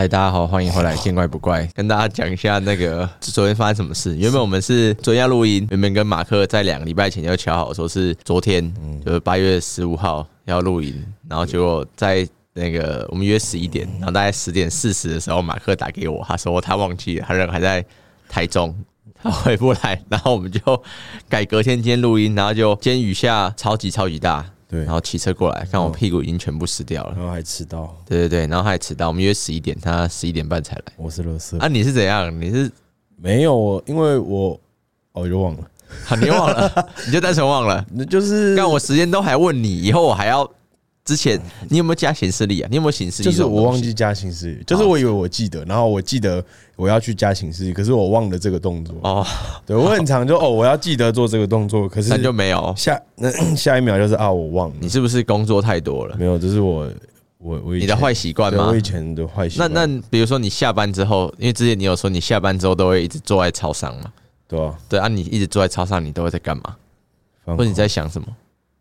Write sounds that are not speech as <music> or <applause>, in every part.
嗨，大家好，歡迎回來。見怪不怪，跟大家講一下那個昨天發生什麼事。原本我們是昨天要錄音，原本跟馬克在兩個禮拜前就敲好，說是昨天就是八月十五號要錄音，然後結果在那個我們約十一點，然後大概十點四十的時候，馬克打給我，他說他忘記了，他人還在台中，他回不來，然後我們就改隔天，今天錄音，然後就今天雨下超級超級大。對，然後騎車過來，看我屁股已經全部濕掉了。嗯，然後還遲到。對對對，然後還遲到。我們約十一點，他十一點半才來。我是垃圾。啊，你是怎樣？你是沒有哦，因為我哦，我就忘啊，又忘了， <laughs> 你忘了， <laughs> 你就單純忘了，那就是讓我時間都還問你，以後我還要。之前你有沒有加行事曆啊？你有沒有行事曆？就是我忘記加行事曆，就是我以為我記得，然後我記得我要去加行事曆，可是我忘了這個動作。哦，對，我很常就好哦，我要記得做這個動作，可是那就沒有下、哦，那下一秒就是啊，我忘了。你是不是工作太多了？沒有，這、就是我我我你的壞習慣嗎？我以前的壞習慣。那那比如說你下班之後，因為之前你有說你下班之後都會一直坐在超商嘛？對啊。對啊。你一直坐在超商你都會在幹嘛？恐或者你在想什麼？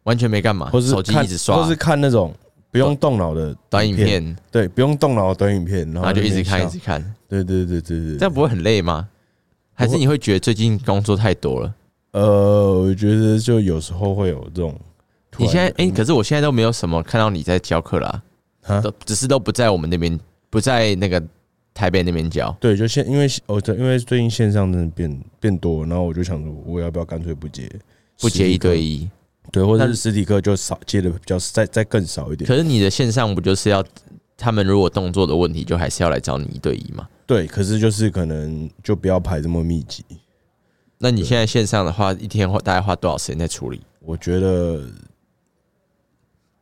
完全沒幹嘛，或者手機一直刷，或是看那種不用動腦的影短影片，對，不用動腦短影片，然後，然後就一直看，一直看，對對對對對，對，這樣不會很累嗎？會還是你會覺得最近工作太多了？呃，我覺得就有時候會有這種，你現在哎、欸，可是我現在都沒有什麼看到你在教課啦，啊，蛤都只是都不在我們那邊，不在那個台北那邊教，對，就現，因為，我、哦、因為最近線上真的變變多，然後我就想說，我要不要乾脆不接，不接一對一。對，或者是實體課就少接的比較，再再更少一點。可是你的線上不就是要他們如果動作的問題，就還是要來找你一對一嗎？對，可是就是可能就不要排這麼密集。那你現在線上的話，對一天會大概花多少時間在處理？我覺得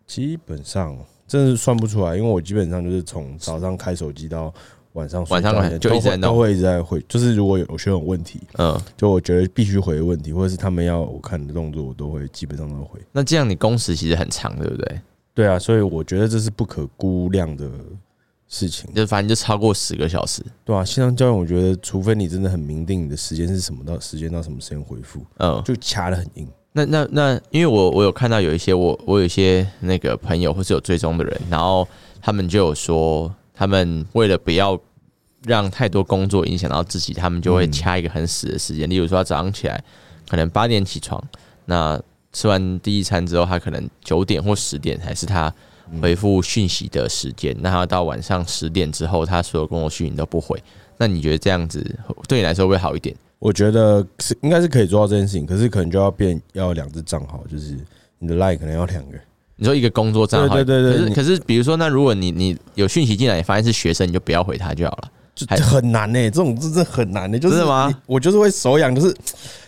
基本上真的是算不出來，因為我基本上就是從早上開手機到。晚上晚上，就都會都會一直在回，就是如果有學生有問題，嗯，就我覺得必須回的問題，或者是他們要我看的動作，我都會基本上都會。那這樣你工時其實很長，對不對？對啊，所以我覺得這是不可估量的事情，就反正就超過十個小時。對啊，線上教練，我覺得除非你真的很明定你的時間是什麼到時間到什麼時間回復，嗯，就掐得很硬那。那那那，因為我我有看到有一些我我有些那個朋友或是有追蹤的人，然後他們就有說。他們為了不要讓太多工作影響到自己，他們就會掐一個很死的時間。嗯、例如說，他早上起來可能八點起床，那吃完第一餐之後，他可能九點或十點才是他回覆訊息的時間。嗯、那他到晚上十點之後，他所有工作訊息你都不回。那你覺得這樣子對你來說會不會好一點？我覺得是應該是可以做到這件事情，可是可能就要變要兩只賬號，就是你的 line 可能要兩個。你說一個工作帳號，對對對對。可是可是，你 可是比如說，那如果你你有訊息進來，你發現是學生，你就不要回他就好了。就很難呢、欸，是這種真真很難的、欸，就是嗎？我就是會手癢，就是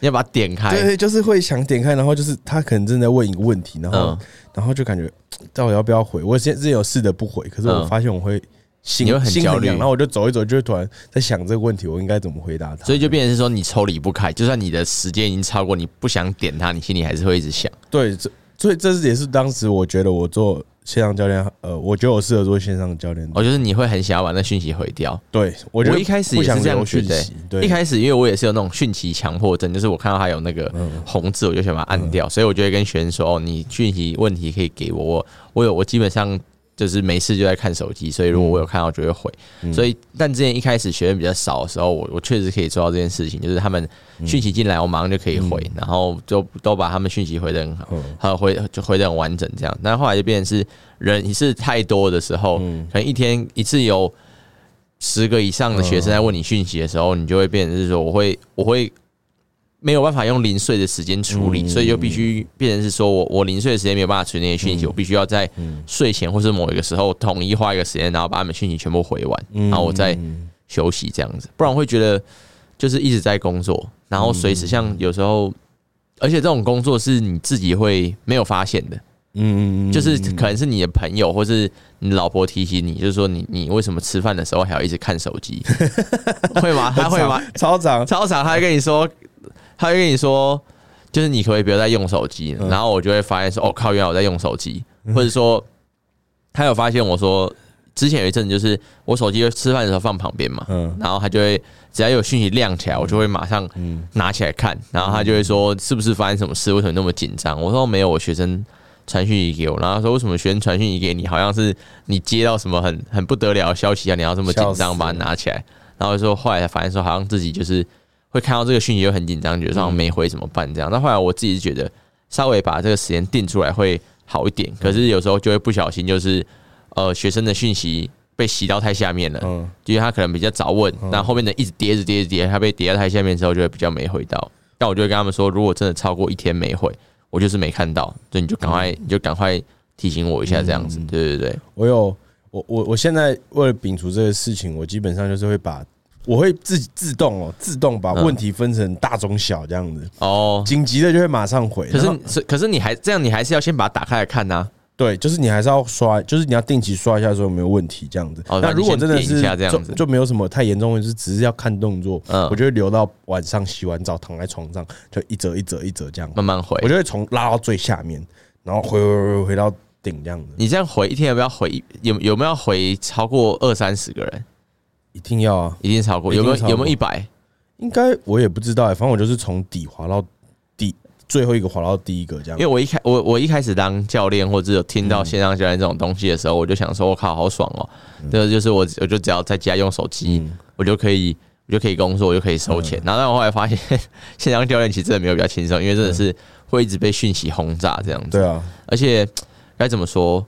要把它點開。對，就是會想點開，然後就是他可能正在問一個問題，然後、嗯、然後就感覺到底要不要回？我之前之前有試着不回，可是我發現我會心裡有、嗯、很焦慮，然後我就走一走，就突然在想這個問題，我應該怎麼回答他？所以就變成是說你抽離不開，就算你的時間已經超過，你不想點他，你心裡還是會一直想。對這。所以這是也是當時我覺得我做線上教練，呃，我覺得我適合做線上教練。我覺得你會很想把那訊息毀掉，對我覺得一開始也是這樣訊息，對。一開始因為我也是有那種訊息強迫症，就是我看到他有那個紅字，嗯、我就想把它按掉，嗯、所以我就會跟選手說：“哦，你訊息問題可以給我，我我有我基本上。”就是沒事就在看手機，所以如果我有看到，就會回。嗯、所以，但之前一開始學生比較少的時候，我我確實可以做到這件事情，就是他們訊息進來，我馬上就可以回，嗯、然後就都把他們訊息回的很好，還有、嗯、回就回的很完整這樣。但後來就變成是人一次太多的時候，嗯、可能一天一次有十個以上的學生在問你訊息的時候，嗯、你就會變成是說我會我會。沒有辦法用零碎的時間處理，嗯、所以就必須變成是說我我零碎的時間沒有辦法處理那些訊息，嗯、我必須要在睡前或是某一個時候統一花一個時間，然後把他們訊息全部回完，嗯、然後我再休息這樣子。不然會覺得就是一直在工作，然後隨時像有時候，嗯、而且這種工作是你自己會沒有發現的，嗯，就是可能是你的朋友或是你老婆提醒你，就是說你你為什麼吃飯的時候還要一直看手機？ <laughs> 會嗎？他會嗎？超長超長，他會跟你說。他會跟你說，就是你可不可以不要再用手機？然後我就會發現說，哦靠，原來我在用手機。或者說，他有發現我說，之前有一陣子就是我手機吃飯的時候放旁邊嘛，嗯，然後他就會只要有訊息亮起來，我就會馬上拿起來看。然後他就會說，是不是發生什麼事？為什麼那麼緊張？我說沒有，我學生傳訊息給我。然後他說為什麼學生傳訊息給你？好像是你接到什麼很很不得了的消息啊？你要這麼緊張，把它拿起來。然後說後來才發現說好像自己就是。會看到這個訊息就很緊張，覺得說好像沒回怎麼辦？這樣。那後來我自己是覺得，稍微把這個時間定出來會好一點。可是有時候就會不小心，就是呃學生的訊息被洗到太下面了，嗯，就是他可能比較早問，那後面的一直跌着跌着跌，他被跌到太下面之後，就會比較沒回到。但我就跟他們說，如果真的超過一天沒回，我就是沒看到，所以你就趕快你就趕快提醒我一下，這樣子。對對對、嗯，我有我我我現在為了摒除這個事情，我基本上就是會把。.我會自己自動哦，自動把問題分成大、中、小這樣子。哦、嗯，緊急的就會馬上回。可是然後可是你還這樣，你還是要先把它打開來看吶、啊。對，就是你還是要刷，就是你要定期刷一下，說有沒有問題這樣子。哦。那如果真的是定這樣子就，就沒有什麼太嚴重的問題，就是、只是要看動作。嗯。我就會留到晚上洗完澡，躺在床上，就一折一折一折這樣，慢慢回。我就會從拉到最下面，然後回回回回，回到頂這樣子。你這樣回一天有有回，要不要回有有沒有回超過二三十個人？一定要啊！一定超過有沒有有沒有一百？應該我也不知道哎、欸，反正我就是從底滑到底，最後一個滑到第一個這樣。因為我一開我我一開始當教練或者有聽到線上教練這種東西的時候，嗯、我就想說，我靠，好爽哦、喔！這個、嗯、就是我我就只要在家用手機，嗯、我就可以我就可以工作，我就可以收錢。嗯、然後但我後來發現， <laughs> 線上教練其實真的沒有比較輕鬆，因為真的是會一直被訊息轟炸這樣子。嗯、對啊，而且該怎麼說？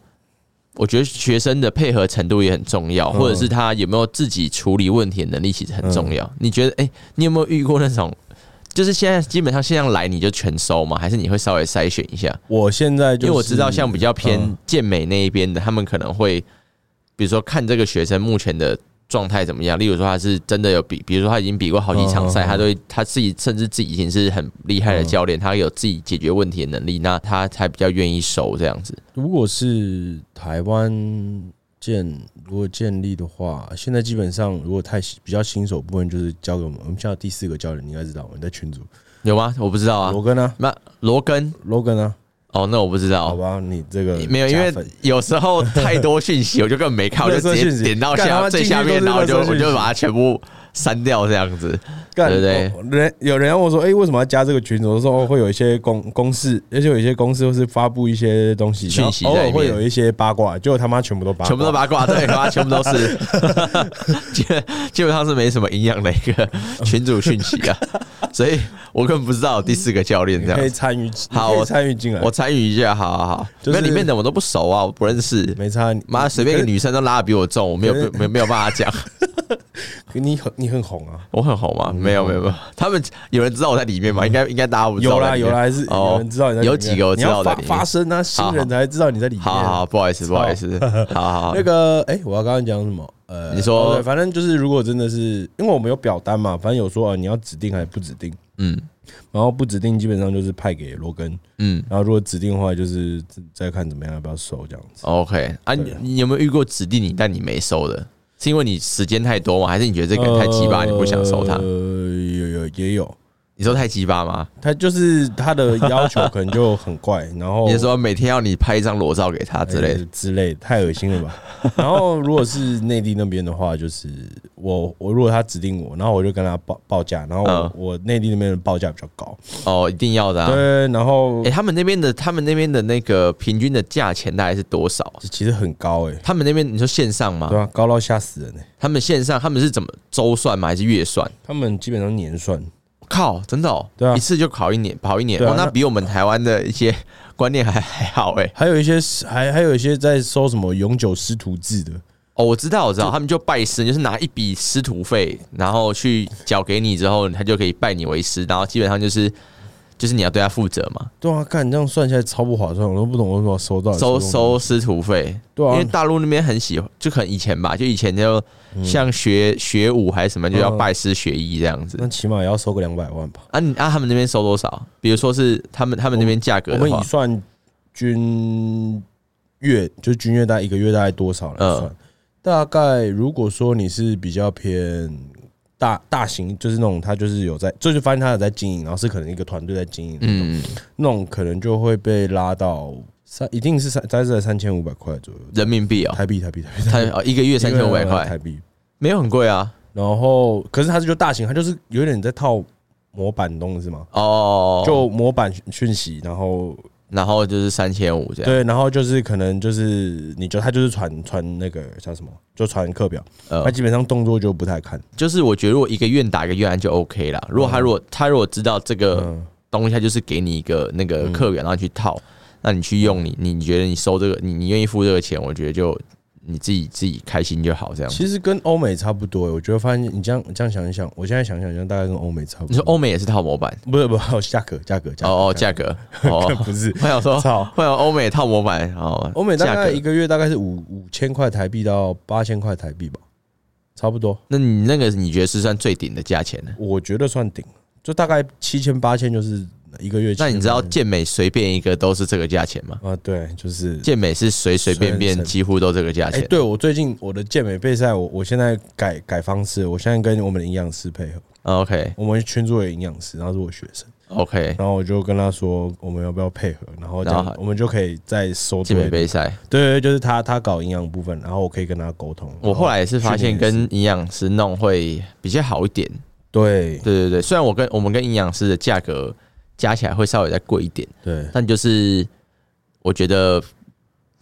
我覺得學生的配合程度也很重要，或者是他有沒有自己處理問題的能力其實很重要。嗯嗯、你覺得，哎、欸，你有沒有遇過那種，就是現在基本上線上來你就全收嗎？還是你會稍微篩選一下？我現在、就是、因為我知道像比較偏健美那一邊的，嗯、他們可能會，比如說看這個學生目前的。狀態怎麼樣？例如說他是真的有比，比如說他已經比過好幾場賽，嗯、他對他自己甚至自己已經是很厲害的教練，嗯、他有自己解決問題的能力，那他才比較願意收這樣子。如果是台灣建如果建立的話，現在基本上如果太比較新手部分就是交給我們，我們現在第四個教練，你應該知道，我們在群組有嗎？我不知道啊，羅根啊，那羅根羅根啊。哦，那我不知道。好吧，你這個沒有，因為有時候太多訊息，我就根本沒看，我就點點到下 <laughs> 最下面，然後就我就把它全部刪掉這樣子，幹對不對，對？人有人問我說，哎、欸，為什麼要加這個群組？我說哦，會有一些公公司，而且有一些公司會是發布一些東西訊息，偶爾會有一些八卦，結果他媽全部都八卦，全部都八卦，對，他媽全部都是，基 <laughs> <laughs> 基本上是沒什麼營養的一個群組訊息啊。 <laughs> 所以我根本不知道第四個教練這樣可以參與。好，我參與進來，我參與一下，好好好。就是裡面的我都不熟啊，我不認識，沒參與。媽，隨便一個女生都拉的比我重，我沒有，沒沒有辦法講。你很你很紅啊？我很紅嗎？沒有沒有沒有。他們有人知道我在裡面嗎？應該應該大家不知道。有啦有啦，還是有人知道你在裡面？有幾個我知道的。你要發發聲啊，新人才知道你在裡面。好，不好意思不好意思，好好。那個哎，我要剛剛講什麼？呃，你說，呃、對、反正就是如果真的是，因為我們有表單嘛，反正有說啊，你要指定還是不指定，嗯，然後不指定基本上就是派給羅根，嗯，然後如果指定的話，就是再看怎麼樣要不要收這樣子。OK，啊，你有沒有遇過指定你但你沒收的？是因為你時間太多嗎？還是你覺得這個太雞巴，你不想收它？呃，有有也有。你說太奇葩嗎？他就是他的要求可能就很怪，然後 <laughs> 你說每天要你拍一張裸照給他之類的、欸、之類的，太噁心了吧？ <laughs> 然後如果是內地那邊的話，就是我我如果他指定我，然後我就跟他報報價，然後我內、嗯、地那邊的報價比較高哦，一定要的、啊、對。然後誒、欸，他們那邊的，他們那邊的那個平均的價錢大概是多少？這其實很高誒、欸，他們那邊你說線上嗎？對、啊，高到嚇死人呢、欸。他們線上，他們是怎麼周算嗎？還是月算？他們基本上是年算。靠，真的哦，對啊、一次就考一年，跑一年、啊哦，那比我們台灣的一些觀念還還好誒、欸。還有一些，還還有一些在收什麼永久師徒制的哦，我知道，我知道，他們就拜師，就是拿一筆師徒費，然後去繳給你之後，他就可以拜你為師，然後基本上就是。就是你要對他負責嘛？對啊，看你這樣算下來超不划算，我都不懂為什麼要收到收收師徒費。對啊，因為大陸那邊很喜歡，就可能以前吧，就以前就像學、嗯、學武還是什麼，就要拜師學藝這樣子。嗯嗯、那起碼也要收個兩百萬吧？啊你，你啊，他們那邊收多少？比如說是他們他們那邊價格我，我們以算均月，就均月大概一個月大概多少來算？嗯、大概如果說你是比較偏。大大型就是那種，他就是有在，這就發現他有在經營，然後是可能一個團隊在經營，嗯，那種可能就會被拉到三，一定是三，大致在三千五百塊左右，人民幣啊、哦，台幣，台幣，台幣，台啊，一個月三千五百塊台幣，沒有很貴啊。然後，可是它就大型，它就是有點在套模板東西嘛？哦，就模板訊息，然後。然後就是三千五這樣。對，然後就是可能就是你就他就是傳傳那個叫什麼，就傳課表，呃，他基本上動作就不太看、呃。就是我覺得如果一個願打一個願挨就 OK 了。如果他如果、嗯、他如果知道這個東西他就是給你一個那個課表，然後去套，嗯嗯那你去用你，你你覺得你收這個，你你願意付這個錢，我覺得就。你自己自己開心就好，這樣。其實跟歐美差不多，欸，我覺得發現你這樣這樣想一想，我現在想一想像大概跟歐美差不多。你說歐美也是套模板，不是？不是，還有價格，價格，哦哦，價格，哦，不是。還有說，還有歐美套模板，哦，歐美大概一個月大概是五五千塊台幣到八千塊台幣吧，差不多。那你那個你覺得是算最頂的價錢呢？我覺得算頂，就大概七千八千就是。一個月前，那你知道健美隨便一個都是這個價錢嗎？啊，對，就是健美是隨隨便便幾乎都這個價錢。欸、對我最近我的健美備賽，我我現在改改方式，我現在跟我們的營養師配合。啊、OK，我們圈做營養師，然後是我學生。OK，然後我就跟他說，我們要不要配合？然後然後我們就可以再收健美備賽。對,對對，就是他他搞營養部分，然後我可以跟他溝通。後我後來也是發現跟營養師弄會比較好一點。對對對對，雖然我跟我們跟營養師的價格。加起來會稍微再貴一點，對，但就是我覺得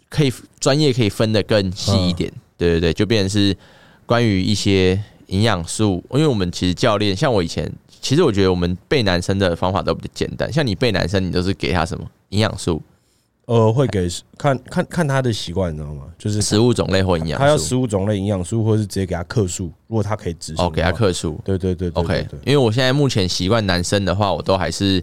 可以專業可以分得更細一點，對對對，就變成是關於一些營養素，因為我們其實教練像我以前，其實我覺得我們背男生的方法都比較簡單，像你背男生，你都是給他什麼營養素？呃，會給看看看他的習慣，你知道嗎？就是食物種類或營養，他要食物種類營養素，或者是直接給他克數，如果他可以執行，哦，給他克數，對對對，對、對、對、對，OK，因為我現在目前習慣男生的話，我都還是。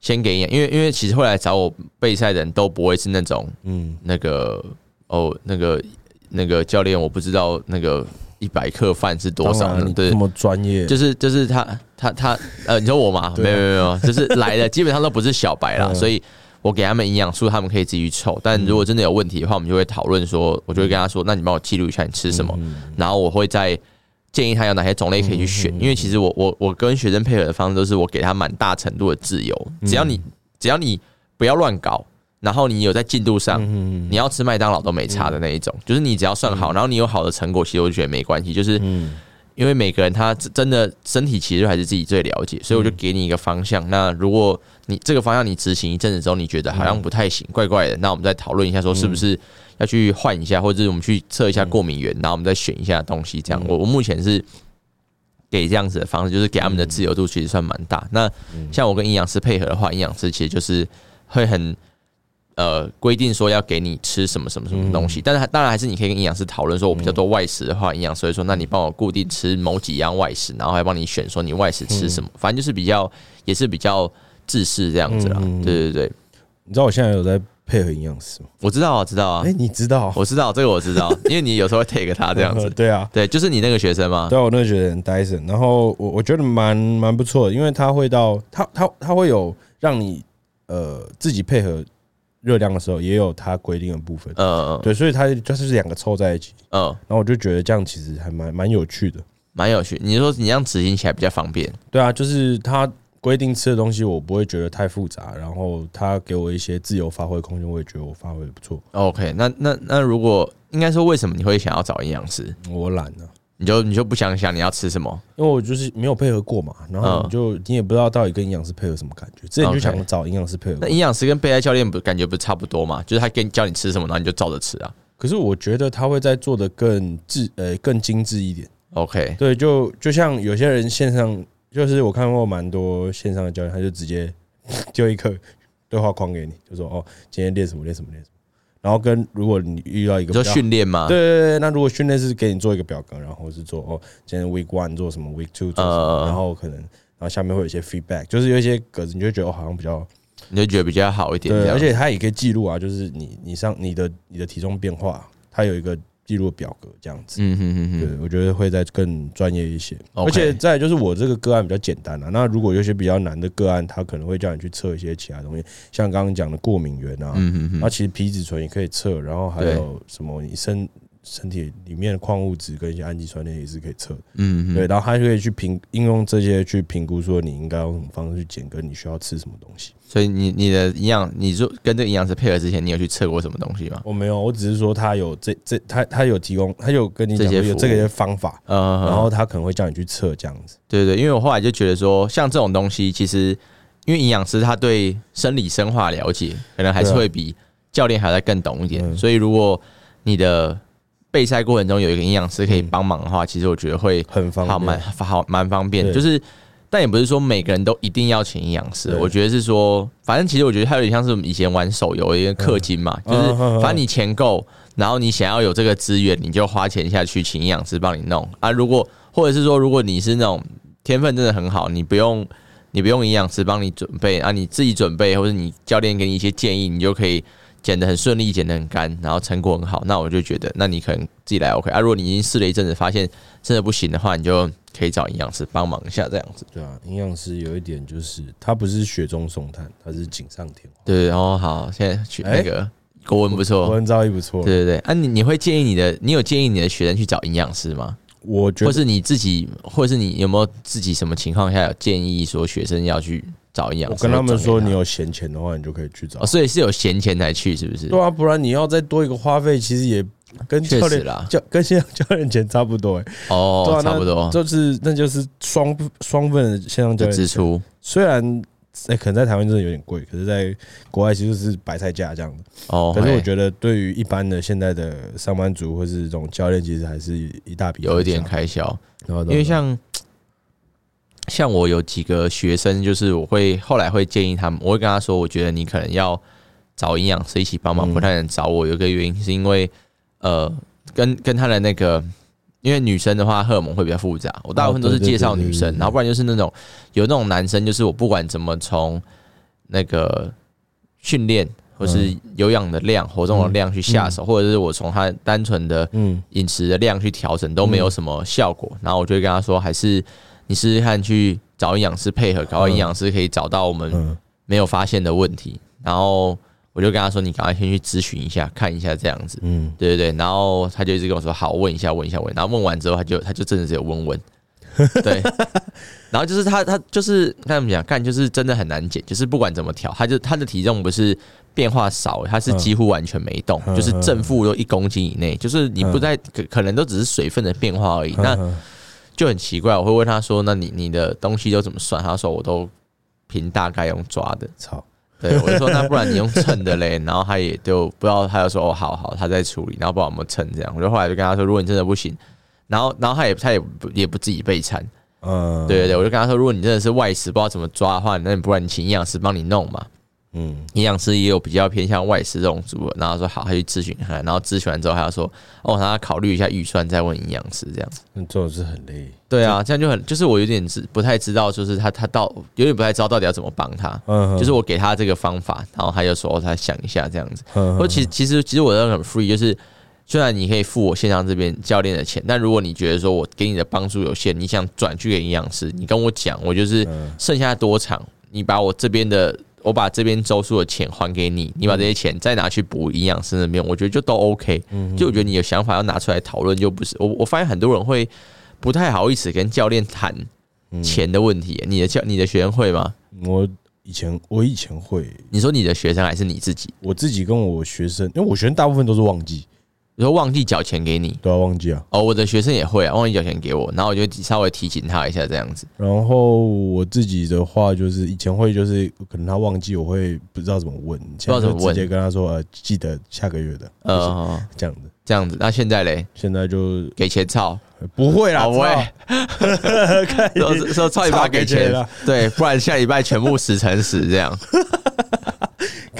先給營養，因為因為其實會來找我備賽的人都不會是那種，嗯，那個哦，那個那個教練，我不知道那個一百克飯是多少，啊、對，你那麼專業，就是，就是就是他他他，呃，你說我嘛？ <laughs> 沒有沒有沒有， <laughs> 就是來的基本上都不是小白啦， <laughs> 所以我給他們營養素，他們可以自己去抽，嗯、但如果真的有問題的話，我們就會討論說，我就會跟他說，嗯、那你幫我記錄一下你吃什麼，嗯嗯然後我會在。建議他有哪些種類可以去選，因為其實我我我跟學生配合的方式都是我給他蠻大程度的自由，只要你只要你不要亂搞，然後你有在進度上，你要吃麥當勞都沒差的那一種，就是你只要算好，然後你有好的成果，其實我覺得沒關係，就是因為每個人他真的身體其實還是自己最了解，所以我就給你一個方向。那如果你這個方向你執行一陣子之後，你覺得好像不太行，怪怪的，那我們再討論一下，說是不是？要去換一下，或者是我們去測一下過敏源，嗯、然後我們再選一下東西。這樣，我、嗯、我目前是給這樣子的方式，就是給他們的自由度其實算蠻大。嗯、那像我跟營養師配合的話，營養師其實就是會很呃規定說要給你吃什麼什麼什麼東西，嗯、但是當然還是你可以跟營養師討論說，我比較多外食的話，營養所以說，那你幫我固定吃某幾樣外食，然後還幫你選說你外食吃什麼，嗯、反正就是比較也是比較自私這樣子了。嗯、對對對，你知道我現在有在。配合營養師我知道，我知道啊。哎、啊欸，你知道？我知道這個，我知道，這個、知道 <laughs> 因為你有時候會 take 他這樣子。呃、對啊，對，就是你那個學生嘛。對、啊，我那個學生 Dyson，然後我我覺得蠻蠻不錯的，因為他會到他他他會有讓你呃自己配合熱量的時候，也有他規定的部分。嗯嗯、呃，對，所以他就是兩個湊在一起。嗯、呃，然後我就覺得這樣其實還蠻蠻有趣的，蠻有趣。你說你這樣執行起來比較方便？對啊，就是他。規定吃的東西，我不會覺得太複雜。然後他給我一些自由發揮空間，我也覺得我發揮得不錯。OK，那那那如果應該說，為什麼你會想要找營養師？我懶了、啊，你就你就不想想你要吃什麼？因為我就是沒有配合過嘛。然後你就、嗯、你也不知道到底跟營養師配合什麼感覺。之前就想找營養師配合，okay, 那營養師跟備賽教練不感覺不是差不多嘛？就是他跟教你吃什麼，然後你就照着吃啊。可是我覺得他會再做的更自呃更精緻一點。OK，對，就就像有些人線上。就是我看過蠻多線上的教練，他就直接丟一個對話框給你，就說哦，今天練什麼練什麼練什麼，然後跟如果你遇到一個比較訓練嘛，對對對，那如果訓練是給你做一個表格，然後是做哦，今天 week one 做什麼，week two 做什麼，呃、然後可能然後下面會有一些 feedback，就是有一些格子，你就覺得、哦、好像比較，你就覺得比較好一點，對，而且他也可以記錄啊，就是你你上你的你的體重變化，他有一個。記錄表格這樣子，嗯嗯嗯嗯，對我覺得會再更專業一些。而且再來就是我這個個案比較簡單了，啊，那如果有些比較難的個案，他可能會叫你去測一些其他東西，像剛剛講的過敏原啊，嗯嗯嗯，那其實皮質醇也可以測，然後還有什麼你身。身體裡面的礦物質跟一些氨基酸鏈也是可以測，嗯哼，嗯，對，然後他就可以去評應用這些去評估，說你應該用什麼方式去減，跟你需要吃什麼東西。所以你你的營養，你說跟這營養師配合之前，你有去測過什麼東西嗎？我沒有，我只是說他有這這他他有提供，他有跟你講這些有這些方法，嗯哼哼，然後他可能會叫你去測這樣子。對，對對，因為我後來就覺得說，像這種東西，其實因為營養師他對生理生化了解，可能還是會比教練還要再更懂一點，啊、所以如果你的。備賽過程中有一個營養師可以幫忙的話，嗯、其實我覺得會很方便，好蠻好蠻方便的。對 就是，但也不是說每個人都一定要請營養師。對 我覺得是說，反正其實我覺得它有點像是我們以前玩手遊一個氪金嘛，嗯、就是反正你錢夠，然後你想要有這個資源，你就花錢下去請營養師幫你弄啊。如果或者是說，如果你是那種天分真的很好，你不用你不用營養師幫你準備啊，你自己準備，或者你教練給你一些建議，你就可以。減得很順利，減得很乾，然後成果很好，那我就覺得，那你可能自己來 OK 啊。如果你已經試了一陣子，發現真的不行的話，你就可以找營養師幫忙一下，這樣子。對啊，營養師有一點就是，他不是雪中送炭，他是錦上添花。對，然、哦、後好，現在去那個、欸、國文不錯，國文造詣不錯。對對對，啊你，你你會建議你的，你有建議你的學生去找營養師嗎？我覺得，或是你自己，或是你有沒有自己什麼情況下有建議說學生要去？找一樣，我跟他們說，你有閒錢的話，你就可以去找、哦。所以是有閒錢才去，是不是？對啊，不然你要再多一個花費，其實也跟教練確實啦，教，跟現在教練錢差不多。哎，哦，啊就是，差不多，就是那就是雙雙份線上教練支出。雖然、欸、可能在台灣真的有點貴，可是在國外其實是白菜價這樣的哦，可是我覺得對於一般的現在的上班族或是這種教練，其實還是一大筆有一點開銷。然後因為像。像我有幾個學生，就是我會後來會建議他們，我會跟他說，我覺得你可能要找營養師一起幫忙，不太能找我。有個原因是因為，呃，跟跟他的那個，因為女生的話荷爾蒙會比較複雜。我大部分都是介紹女生，然後不然就是那種有那種男生，就是我不管怎麼從那個訓練或是有氧的量、嗯、活動的量去下手，嗯、或者是我從他單純的飲食的量去調整、嗯、都沒有什麼效果。然後我就會跟他說，還是。你試試看去找營養師配合，搞營養師可以找到我們沒有發現的問題。嗯嗯、然後我就跟他說：“你趕快先去諮詢一下，看一下這樣子。”嗯，對對對。然後他就一直跟我說：“好，問一下，問一下，問。”然後問完之後，他就他就真的只有問問。對， <laughs> 然後就是他他就是看怎麼講？幹就是真的很難減，就是不管怎麼調，他就他的體重不是變化少，他是幾乎完全沒動，嗯嗯嗯、就是正負都一公斤以內，就是你不在可、嗯、可能都只是水分的變化而已。那、嗯嗯嗯嗯就很奇怪，我會問他說：“那你你的東西都怎麼算？”他說：“我都憑大概用抓的。草”操，對，我就說：“那不然你用秤的嘞？” <laughs> 然後他也就不知道，他就說：“哦，好好，他在處理。”然後幫我們秤這樣？我就後來就跟他說：“如果你真的不行，然後然後他也他也不也不自己備餐，嗯，對對對，我就跟他說：如果你真的是外食，不知道怎麼抓的話，那你不然你請營養師幫你弄嘛。”嗯，營養師也有比較偏向外食這種組，然後說好，他去諮詢他，然後諮詢完之後他就說哦，讓他考慮一下預算，再問營養師這樣子。嗯，這種是很累。對啊，這樣就很就是我有點不不太知道，就是他他到有點不太知道到底要怎麼幫他。嗯，就是我給他這個方法，然後他就說他想一下這樣子。嗯，我其其實其實我真的很 free，就是雖然你可以付我線上這邊教練的錢，但如果你覺得說我給你的幫助有限，你想轉去給營養師，你跟我講，我就是剩下多長，你把我這邊的。我把這邊周數的錢還給你，你把這些錢再拿去補營養師的用，我覺得就都 OK，就我覺得你有想法要拿出來討論，就不是我。我發現很多人會不太好意思跟教練談錢的問題。你的教你的學生會嗎？我以前我以前會。你說你的學生還是你自己？我自己跟我學生，因為我學生大部分都是忘記。我說忘記繳錢給你，都要、啊、忘記啊。哦，我的學生也會啊，忘記繳錢給我，然後我就稍微提醒他一下這樣子。然後我自己的話，就是以前會，就是可能他忘記，我會不知道怎麼問，不直接跟他說、啊，記得下個月的，嗯、就是，這樣子、嗯嗯嗯嗯嗯嗯，這樣子。那現在嘞？現在就給錢操、欸，不會啦，不會、欸已。說說，操一把給錢了，錢對，不然下禮拜全部十乘十這樣。 <laughs>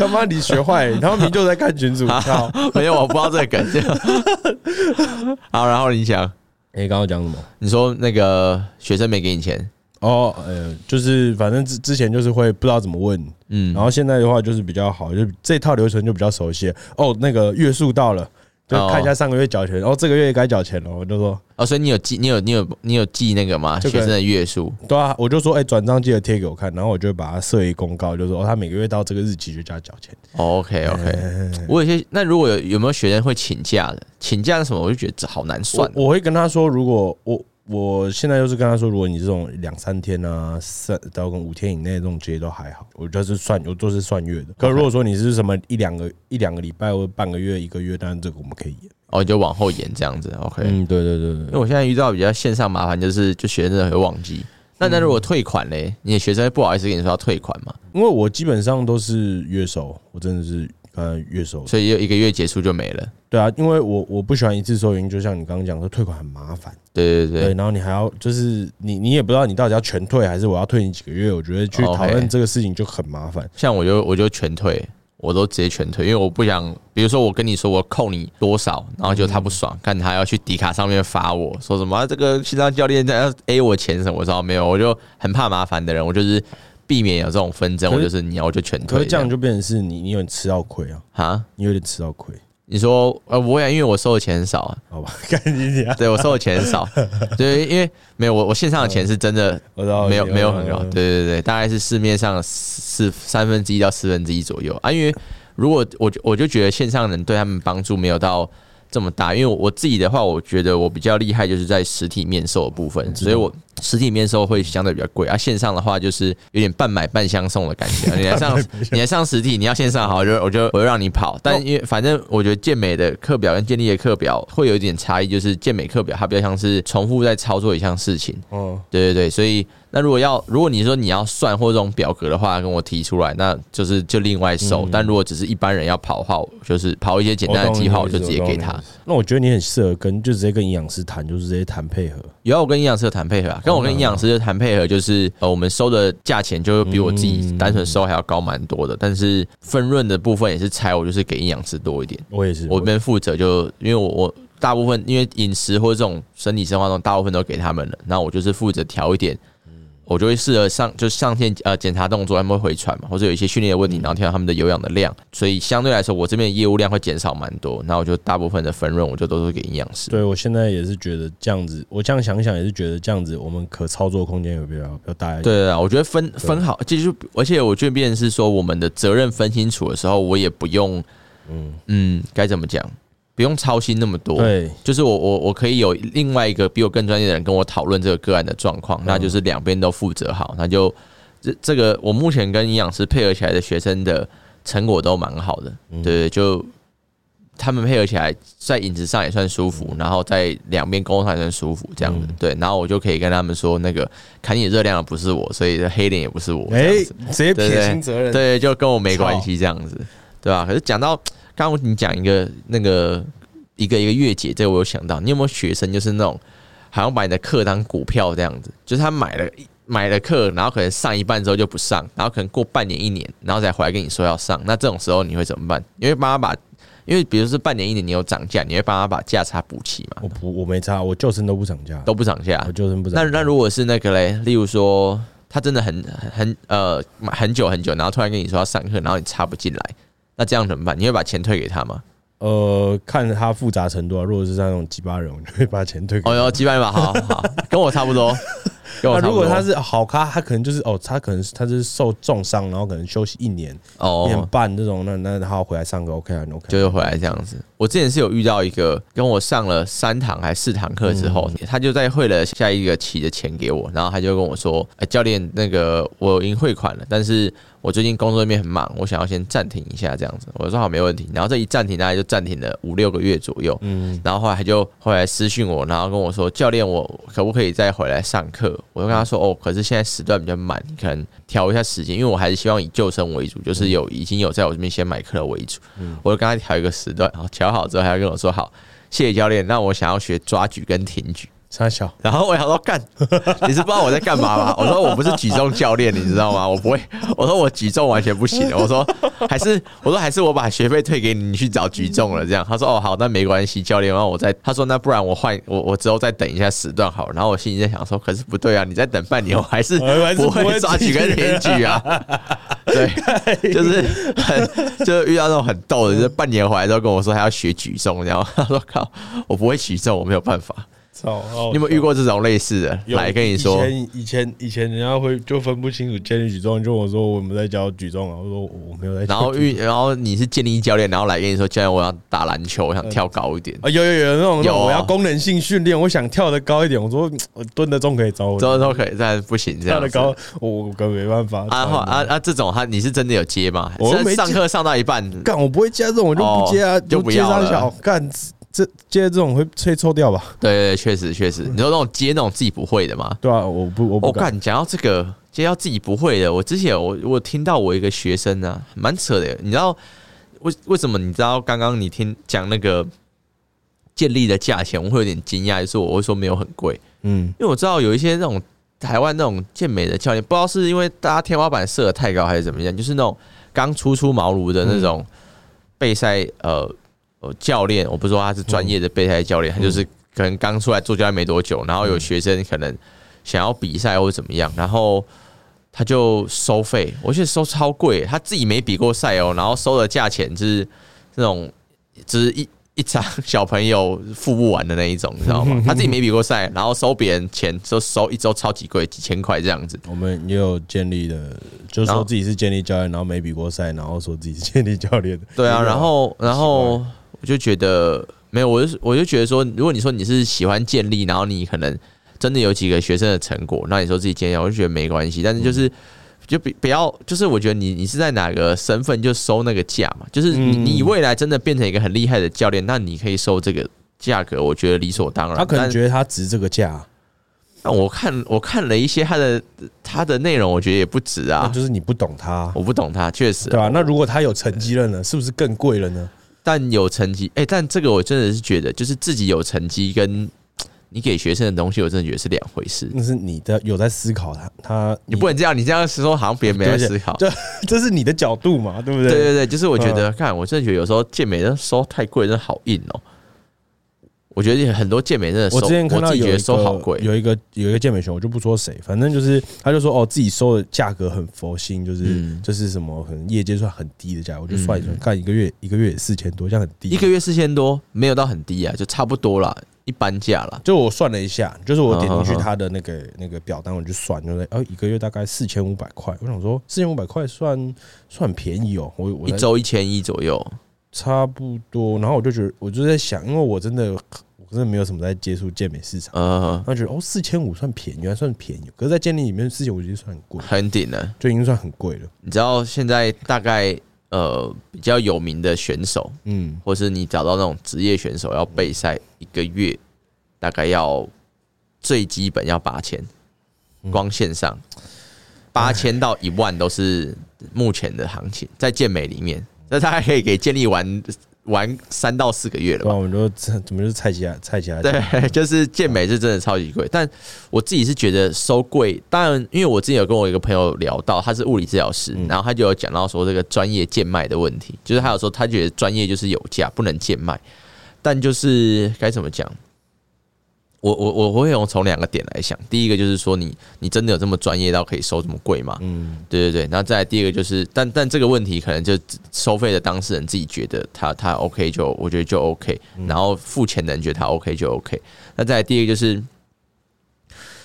他媽，你學壞！他們明明就在看群主，好、 <laughs> 啊，沒有，我不知道這個梗，這樣。 <laughs> 好，然後你想哎，剛剛講什麼？你說那個學生沒給你錢？哦，哎、呃、就是反正之之前就是會不知道怎麼問，嗯，然後現在的話就是比較好，就這套流程就比較熟悉。哦，那個月數到了。就看一下上個月繳錢，然後這個月也該繳錢了。我就說，哦，所以你有記，你有你有你有記那個嗎？學生的月數？對啊，我就說，哎、欸，轉賬記得貼給我看，然後我就把它設一公告，就說，哦，他每個月到這個日期就叫繳錢。嗯、OK OK，、嗯、我有些那如果有有沒有學生會請假的，請假什麼，我就覺得好難算我。我會跟他說，如果我。我現在就是跟他說，如果你這種兩三天啊，三到五天以內這種節都還好，我就是算我都是算月的。可是如果說你是什麼一兩個一兩個禮拜或者半個月一個月，當然這個我們可以延，哦就往後延這樣子。OK，嗯，對對對對。那我現在遇到比較線上麻煩就是，就學生會忘記。那、嗯、那如果退款嘞，你的學生會不好意思跟你說要退款嘛？因為我基本上都是月收，我真的是呃月收，所以有一個月結束就沒了。對啊，因為我我不喜歡一次收銀，就像你剛剛講的退款很麻煩。對對對,對,對，然後你還要就是你你也不知道你到底要全退還是我要退你幾個月，我覺得去討論這個事情就很麻煩。Okay, 像我就我就全退，我都直接全退，因為我不想，比如說我跟你說我扣你多少，然後就他不爽，嗯、看他要去迪卡上面發我說什麼，啊、這個其他教練在要 A 我錢什麼，我知道沒有，我就很怕麻煩的人，我就是避免有這種紛爭，我就是你要我就全退，可這樣就變成是你你有點吃到虧啊，哈，你有點吃到虧、啊。啊你說呃、啊、不會、啊，因為我收的錢少、啊，好吧、哦，感謝你。對，我收的錢少， <laughs> 對，因為沒有我我線上的錢是真的沒有、哦、我沒有很高，嗯嗯對對對，大概是市面上四三分之一到四分之一左右啊。因為如果我我就覺得線上人對他們幫助沒有到這麼大，因為我自己的話，我覺得我比較厲害，就是在實體面授的部分，所以我實體面授會相對比較貴啊。線上的話，就是有點半買半相送的感覺。你來上 <laughs> 你來上實體，你要線上，好，就我就我就，我就讓你跑。但因為反正我覺得健美的課表跟健力的課表會有一點差異，就是健美課表它比較像是重複在操作一項事情。哦，對對對，所以。那如果要，如果你說你要算或這種表格的話，跟我提出來，那就是就另外收。嗯、但如果只是一般人要跑的話，就是跑一些簡單的計劃，哦、我就直接給他。哦、那我覺得你很適合跟，就直接跟營養師談，就是直接談配合。有啊，我跟營養師談配合，啊，跟我跟營養師談配合，就是、哦、呃，我們收的價錢就會比我自己單純收還要高蠻多的，嗯、但是分潤的部分也是猜，我就是給營養師多一點。我也是，我這邊負責就因為我我大部分因為飲食或這種身體生活中大部分都給他們了，那我就是負責調一點。我就會適合上，就是上線呃檢查動作，他們會回傳嘛，或者有一些訓練的問題，然後聽到他們的有氧的量，嗯、所以相對來說，我這邊的業務量會減少蠻多。那我就大部分的分潤，我就都是給營養師。對，我現在也是覺得這樣子，我這樣想想也是覺得這樣子，我們可操作空間有比較要，要大一點。對啊，我覺得分分好，這就對而且我這邊變成是說，我們的責任分清楚的時候，我也不用嗯嗯該怎麼講。不用操心那麼多，對，就是我我我可以有另外一個比我更專業的人跟我討論這個個案的狀況，嗯、那就是兩邊都負責好，那就這這個我目前跟營養師配合起來的學生的成果都蠻好的，嗯、對就他們配合起來，在飲食上也算舒服，嗯、然後在兩邊溝通上也算舒服，這樣的、嗯、對，然後我就可以跟他們說，那個砍你熱量的不是我，所以黑臉也不是我，哎、欸，直接撇清責任，對，就跟我沒關係，這樣子，超對吧、啊？可是講到。剛你講一個那個一個一個月姐，這個我有想到，你有沒有學生就是那種好像把你的課當股票這樣子，就是他買了買了課，然後可能上一半之後就不上，然後可能過半年一年，然後再回來跟你說要上，那這種時候你會怎麼辦？你會幫他把，因為比如說半年一年你有漲價，你會幫他把價差補齊嗎？我不，我沒差，我舊生都不漲價，都不漲價，我舊生不漲。那那如果是那個嘞，例如說他真的很很呃很久很久，然後突然跟你說要上課，然後你插不進來。那這樣怎麼辦？你會把錢退給他嗎？呃，看他複雜程度啊。如果是像那種雞巴人，我就會把錢退給他哦呦。哦喲，雞巴人吧，好好，好， <laughs> 跟我差不多。如果他是好咖，他可能就是哦，他可能他就是受重傷，然後可能休息一年、一年半這種，那那他要回來上課 OK 啊，OK，就會回來這樣子。我之前是有遇到一個跟我上了三堂還是四堂課之後，嗯、他就再匯了下一個期的錢給我，然後他就跟我說：“哎、欸，教練，那個我已經匯款了，但是我最近工作那邊很忙，我想要先暫停一下這樣子。”我說好，沒問題。然後這一暫停，大概就暫停了五六個月左右。嗯，然後後來他就後來私訊我，然後跟我說：“教練，我可不可以再回來上課？”我就跟他說：“哦，可是現在時段比較滿，你可能調一下時間，因為我還是希望以舊生為主，就是有已經有在我這邊先買課的為主。嗯。”我就跟他調一個時段，好，調好之後，還要跟我說：“好，謝謝教練，那我想要學抓舉跟挺舉。”三小，然後我想說幹，你是不知道我在幹嘛嗎？ <laughs> 我說我不是舉重教練，你知道嗎？我不會，我說我舉重完全不行。我說還是，我說還是我把學費退給你，你去找舉重了。這樣他說哦好，那沒關係，教練，我再他說那不然我換我我之後再等一下時段好了。然後我心裡在想說，可是不對啊，你再等半年，我還是不會抓舉跟挺舉啊。啊對， <laughs> 就是很就是遇到那種很逗的，就是半年回來之後跟我說他要學舉重這樣，然後他說靠，我不會舉重，我沒有辦法。哦，你有沒有遇過這種類似的？有，來跟你說，以前以前以前人家會就分不清楚健力舉重，就我說我們在教舉重啊，我說我沒有在。然後遇，然後你是健力教練，然後來跟你說，教練，我要打籃球，我想跳高一點。啊，有有有那種有，我要功能性訓練，我想跳的高一點。我說我蹲的重可以找我，蹲的重可以，但不行這樣。跳的高，我我沒辦法。啊，啊啊，這種他，你是真的有接嗎？我是上課上到一半，幹我不會接這種，我就不接啊，就接他小這接這種會吹錯掉吧？對，對，對，對確實確實，你知道那種接那種自己不會的嗎？對啊，我不我不敢。講、oh, 到這個，接要自己不會的，我之前我我聽到我一個學生啊，蠻扯的。你知道為為什麼？你知道剛剛你聽講那個健力的價錢，我會有點驚訝，就是我會說沒有很貴。嗯，因為我知道有一些那種台灣那種健美的教練，不知道是因為大家天花板設的太高還是怎麼樣，就是那種剛初出,出茅廬的那種備賽、嗯、呃。哦，教練，我不是說他是專業的備賽教練，嗯嗯、他就是可能剛出來做教練沒多久，然後有學生可能想要比賽或者怎麼樣，然後他就收費，我覺得收超貴，他自己沒比過賽哦，然後收的價錢就是那種只，就是一一場小朋友付不完的那一種，你知道嗎？他自己沒比過賽，然後收別人錢，收收一周超級貴，幾千塊這樣子。我們也有建立的，就說自己是建立教練，然後，然後沒比過賽，然後說自己是建立教練對啊，然後然後。我就覺得沒有，我就我就覺得說，如果你說你是喜歡建立，然後你可能真的有幾個學生的成果，那你說自己建立，我就覺得沒關係。但是就是、嗯、就比不要，就是我覺得你你是在哪個身份就收那個價嘛。就是你你未來真的變成一個很厲害的教練，嗯、那你可以收這個價格，我覺得理所當然。他可能覺得他值這個價。那我看我看了一些他的他的內容，我覺得也不值啊。就是你不懂他，我不懂他，確實對吧、啊？那如果他有成績了呢？對是不是更貴了呢？但有成績，哎、欸，但這個我真的是覺得，就是自己有成績跟你給學生的東西，我真的覺得是兩回事。那是你的，有在思考他，他你，你不能這樣，你這樣說好像別人沒在思考。對對對，這這是你的角度嘛，對不對？對對對，就是我覺得，看、嗯、我真的覺得有時候健美的時候太貴，真的好硬哦、喔。我覺得很多健美真的，我，我之前看到有一個有一個有一個健美熊，我就不說誰，反正就是他就說哦，自己收的價格很佛心，就是這是什麼，可能業界算很低的價。我就算一算，幹，一個月一個月四千多，這樣很低，一個月四千多沒有到很低啊，就差不多了，一般價了。就我算了一下，就是我點進去他的那個那個表單，我就算，就是哦，一個月大概四千五百塊。我想說四千五百塊算算很便宜哦，我我一周一千一左右，差不多。然後我就覺得我就在想，因為我真的。只是沒有什麼在接觸健美市場，嗯，他覺得哦，四千五算便宜，還算便宜。可是，在健力裡面，四千五已經算很貴，很頂了，就已經算很貴了。你知道現在大概呃比較有名的選手，嗯，或是你找到那種職業選手要備賽一個月，大概要最基本要八千，光線上八千到一萬都是目前的行情。在健美裡面，那他還可以給健力玩，玩三到四個月了，哇！我們都怎麼是菜起來，菜起來？對，就是健美是真的超級貴，但我自己是覺得收貴。當然，因為我之前有跟我一個朋友聊到，他是物理治療師，然後他就有講到說這個專業賤賣的問題，就是他有說他覺得專業就是有價，不能賤賣，但就是該怎麼講？我我我我會從從兩個點來想，第一個就是說你你真的有這麼專業到可以收這麼貴嗎？嗯，對對對。然後再來第二個就是，但但這個問題可能就收費的當事人自己覺得他他 OK 就，我覺得就 OK。然後付錢的人覺得他 OK 就 OK。那、嗯、再來第二個就是，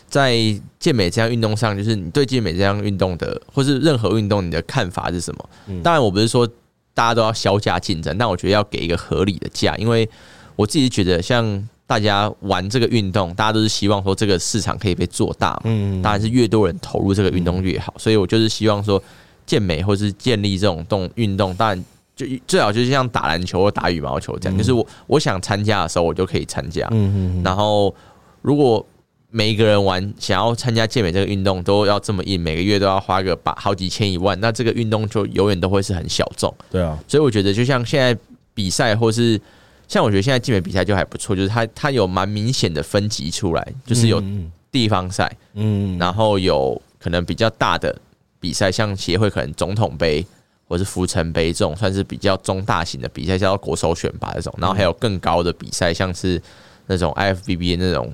在健美這項運動上，就是你對健美這項運動的，或是任何運動你的看法是什麼？當然我不是說大家都要削價競爭，但我覺得要給一個合理的價，因為我自己覺得像。大家玩這個運動，大家都是希望說這個市場可以被做大嘛，嗯、嗯，當然是越多人投入這個運動越好。嗯、嗯，所以我就是希望說，健美或是健力這種動運動，當然就最好就是像打籃球或打羽毛球這樣，嗯、嗯，就是我我想參加的時候我就可以參加，嗯、嗯、嗯、嗯，然後如果每一個人玩想要參加健美這個運動都要這麼硬，每個月都要花個把好幾千一萬，那這個運動就永遠都會是很小眾，對啊。所以我覺得就像現在比賽或是。像我覺得現在健美比賽就還不錯，就是它它有蠻明顯的分級出來，就是有地方賽，嗯，然後有可能比較大的比賽，嗯、像協會可能總統杯或是浮塵杯這種，算是比較中大型的比賽，叫做國手選拔這種，然後還有更高的比賽，嗯、像是那種 IFBB 那種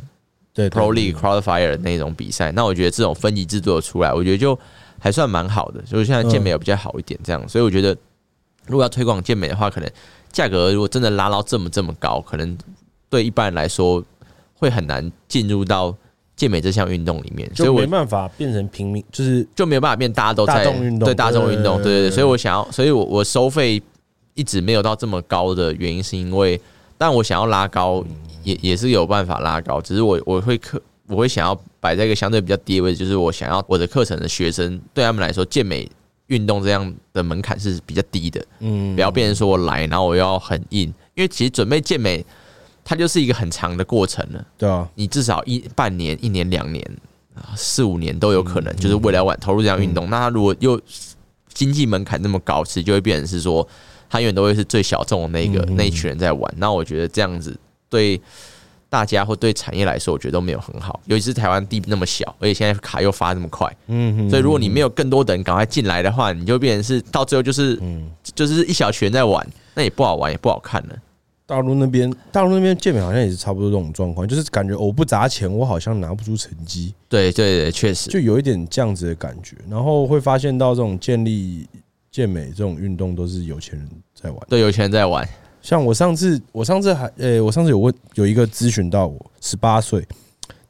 Pro 對 Pro League Qualifier 那種比賽。那我覺得這種分級製作出來，我覺得就還算蠻好的，就是現在健美也比較好一點這樣。嗯、所以我覺得如果要推廣健美的話，可能。價格如果真的拉到這麼這麼高，可能對一般人來說會很難進入到健美這項運動裡面，就沒辦法變成平民，就是就沒有辦法變大家都在大眾運動，對大眾運動，對對對。所以我想要，所以我我收費一直沒有到這麼高的原因是因為，但我想要拉高也也是有辦法拉高，只是我我會課我會想要擺在一個相對比較低的位置，就是我想要我的課程的學生對他們來說健美。運動這樣的門檻是比較低的，嗯，不要變成說我來，然後我要很硬，因為其實準備健美，它就是一個很長的過程了。對啊，你至少一半年、一年、兩年、四五年都有可能，就是為了玩投入這樣運動。那他如果又經濟門檻那麼高，其實就會變成是說，它永遠都會是最小眾的那個那一群人在玩。那我覺得這樣子對。大家或對產業來說，我覺得都沒有很好。尤其是台灣地那麼小，而且現在卡又發那麼快，嗯哼，所以如果你沒有更多的人趕快進來的話，你就變成是到最後就是，嗯，就是一小群人在玩，那也不好玩，也不好看了。大陸那邊，大陸那邊健美好像也是差不多這種狀況，就是感覺我不砸錢，我好像拿不出成績。對對對，確實就有一點這樣子的感覺，然後會發現到這種建立健美這種運動都是有錢人在玩，對，有錢人在玩。像我上次，我上次還，欸、我上次有問，有一個諮詢到我十八歲，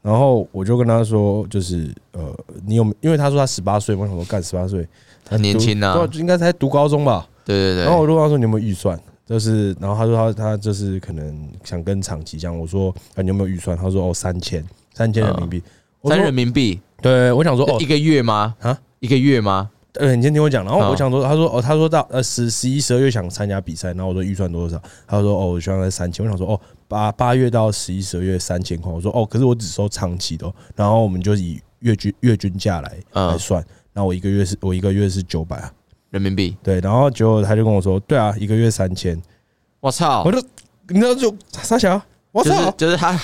然後我就跟他說，就是，呃，你有沒？因為他說他十八歲，我想說幹十八歲他年輕呢、啊，應該才讀高中吧？對對對。然後我問他說你有沒有預算？就是，然後他說他他就是可能想跟長期講，我說啊你有沒有預算？他說哦三千三千人民幣，三人民幣？對，我想說哦，一個月嗎？啊蛤，一個月嗎？呃，你先聽我講，然後我想說，他說，哦，他說到呃十十一十二月想參加比賽，然後我說預算多少，他說，哦，我希望在三千，我想說，哦，八八月到十一十二月三千塊，我說，哦，可是我只收長期的，然後我們就以月均月均價來來算，然後我一個月是，我一個月是九百啊，人民幣，對，然後結果他就跟我說，對啊，一個月三千，我操，我就你知道就傻笑，我操，就是他。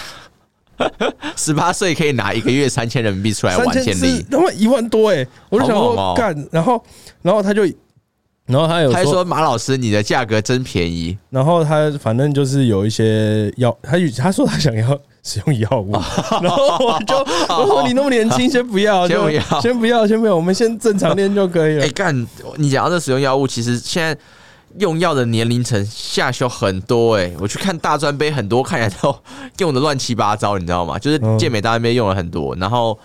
十八歲可以拿一個月三千人民幣出來玩，是那麼一萬多哎、欸，我就想說幹、喔，然後然後他就，然後他有說他還說馬老師你的價格真便宜，然後他反正就是有一些藥，他他說他想要使用藥物，哦、然後我就、哦、我說你那麼年輕、哦、先不要，先不要，先不要，先不要，我們先正常練就可以了。哎幹、欸，你講到這使用藥物，其實現在。用藥的年齡層下修很多哎、欸，我去看大專杯很多，看起來都用的亂七八糟，你知道嗎？就是健美大專杯用了很多，然後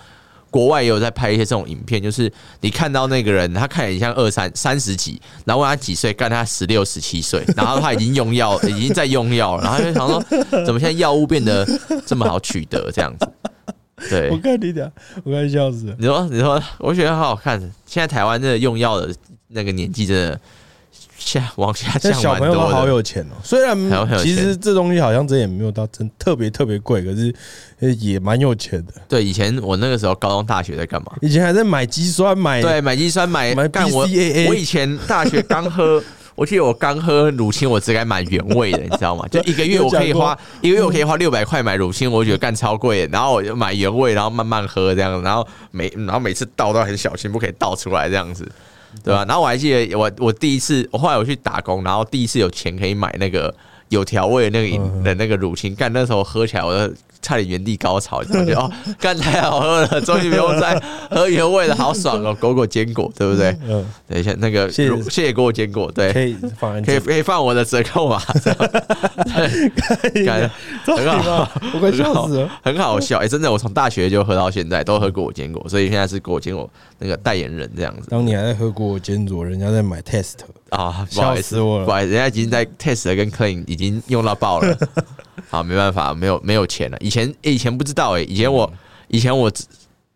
國外也有在拍一些這種影片，就是你看到那個人，他看起來像二三三十幾，然後問他幾歲，幹他十六十七歲，然後他已經用藥， <laughs> 已經在用藥了，然後就想說，怎麼現在藥物變得這麼好取得這樣子？對，我跟你講，我跟你笑死了，你說你說，我覺得好好看，現在台灣真的用藥的那個年紀真的。下往下降，但小朋友都好有錢哦、喔。雖然其實這東西好像真也沒有到真特別特別貴，可是也蠻有錢的。對，以前我那個時候高中大學在幹嘛？以前還在買肌酸，買對，買肌酸買。幹我，我以前大學剛喝， <laughs> 我記得我剛喝乳清，我只敢買原味的，你知道嗎？就一個月我可以花，一個月我可以花六百塊買乳清，我覺得幹超貴。然後我就買原味，然後慢慢喝這樣，然後每然後每次倒都很小心，不可以倒出來這樣子。對吧、啊？然後我還記得我，我我第一次，後來我去打工，然後第一次有錢可以買那個有調味的那個飲的、嗯嗯、那個乳清干，那時候喝起來我的。差點原地高潮，我覺得幹、哦、太好喝了，終於不用再喝原味了，好爽哦！果果堅果，對不對？嗯，嗯，等一下那個謝謝果果堅果，對，可以放可以可以放我的折扣碼，對，可以，很好，我笑死了，很好笑！哎、欸，真的，我從大學就喝到現在，都喝果果堅果，所以現在是果果堅果那個代言人這樣子。當你還在喝果果堅果，人家在買 test 啊，不好意思，笑死我了！不好意思，人家已經在 test 跟 clean 已經用到爆了。 <laughs> 好，沒辦法，沒有沒有錢了。以前、欸、以前不知道誒、欸，以前我以前我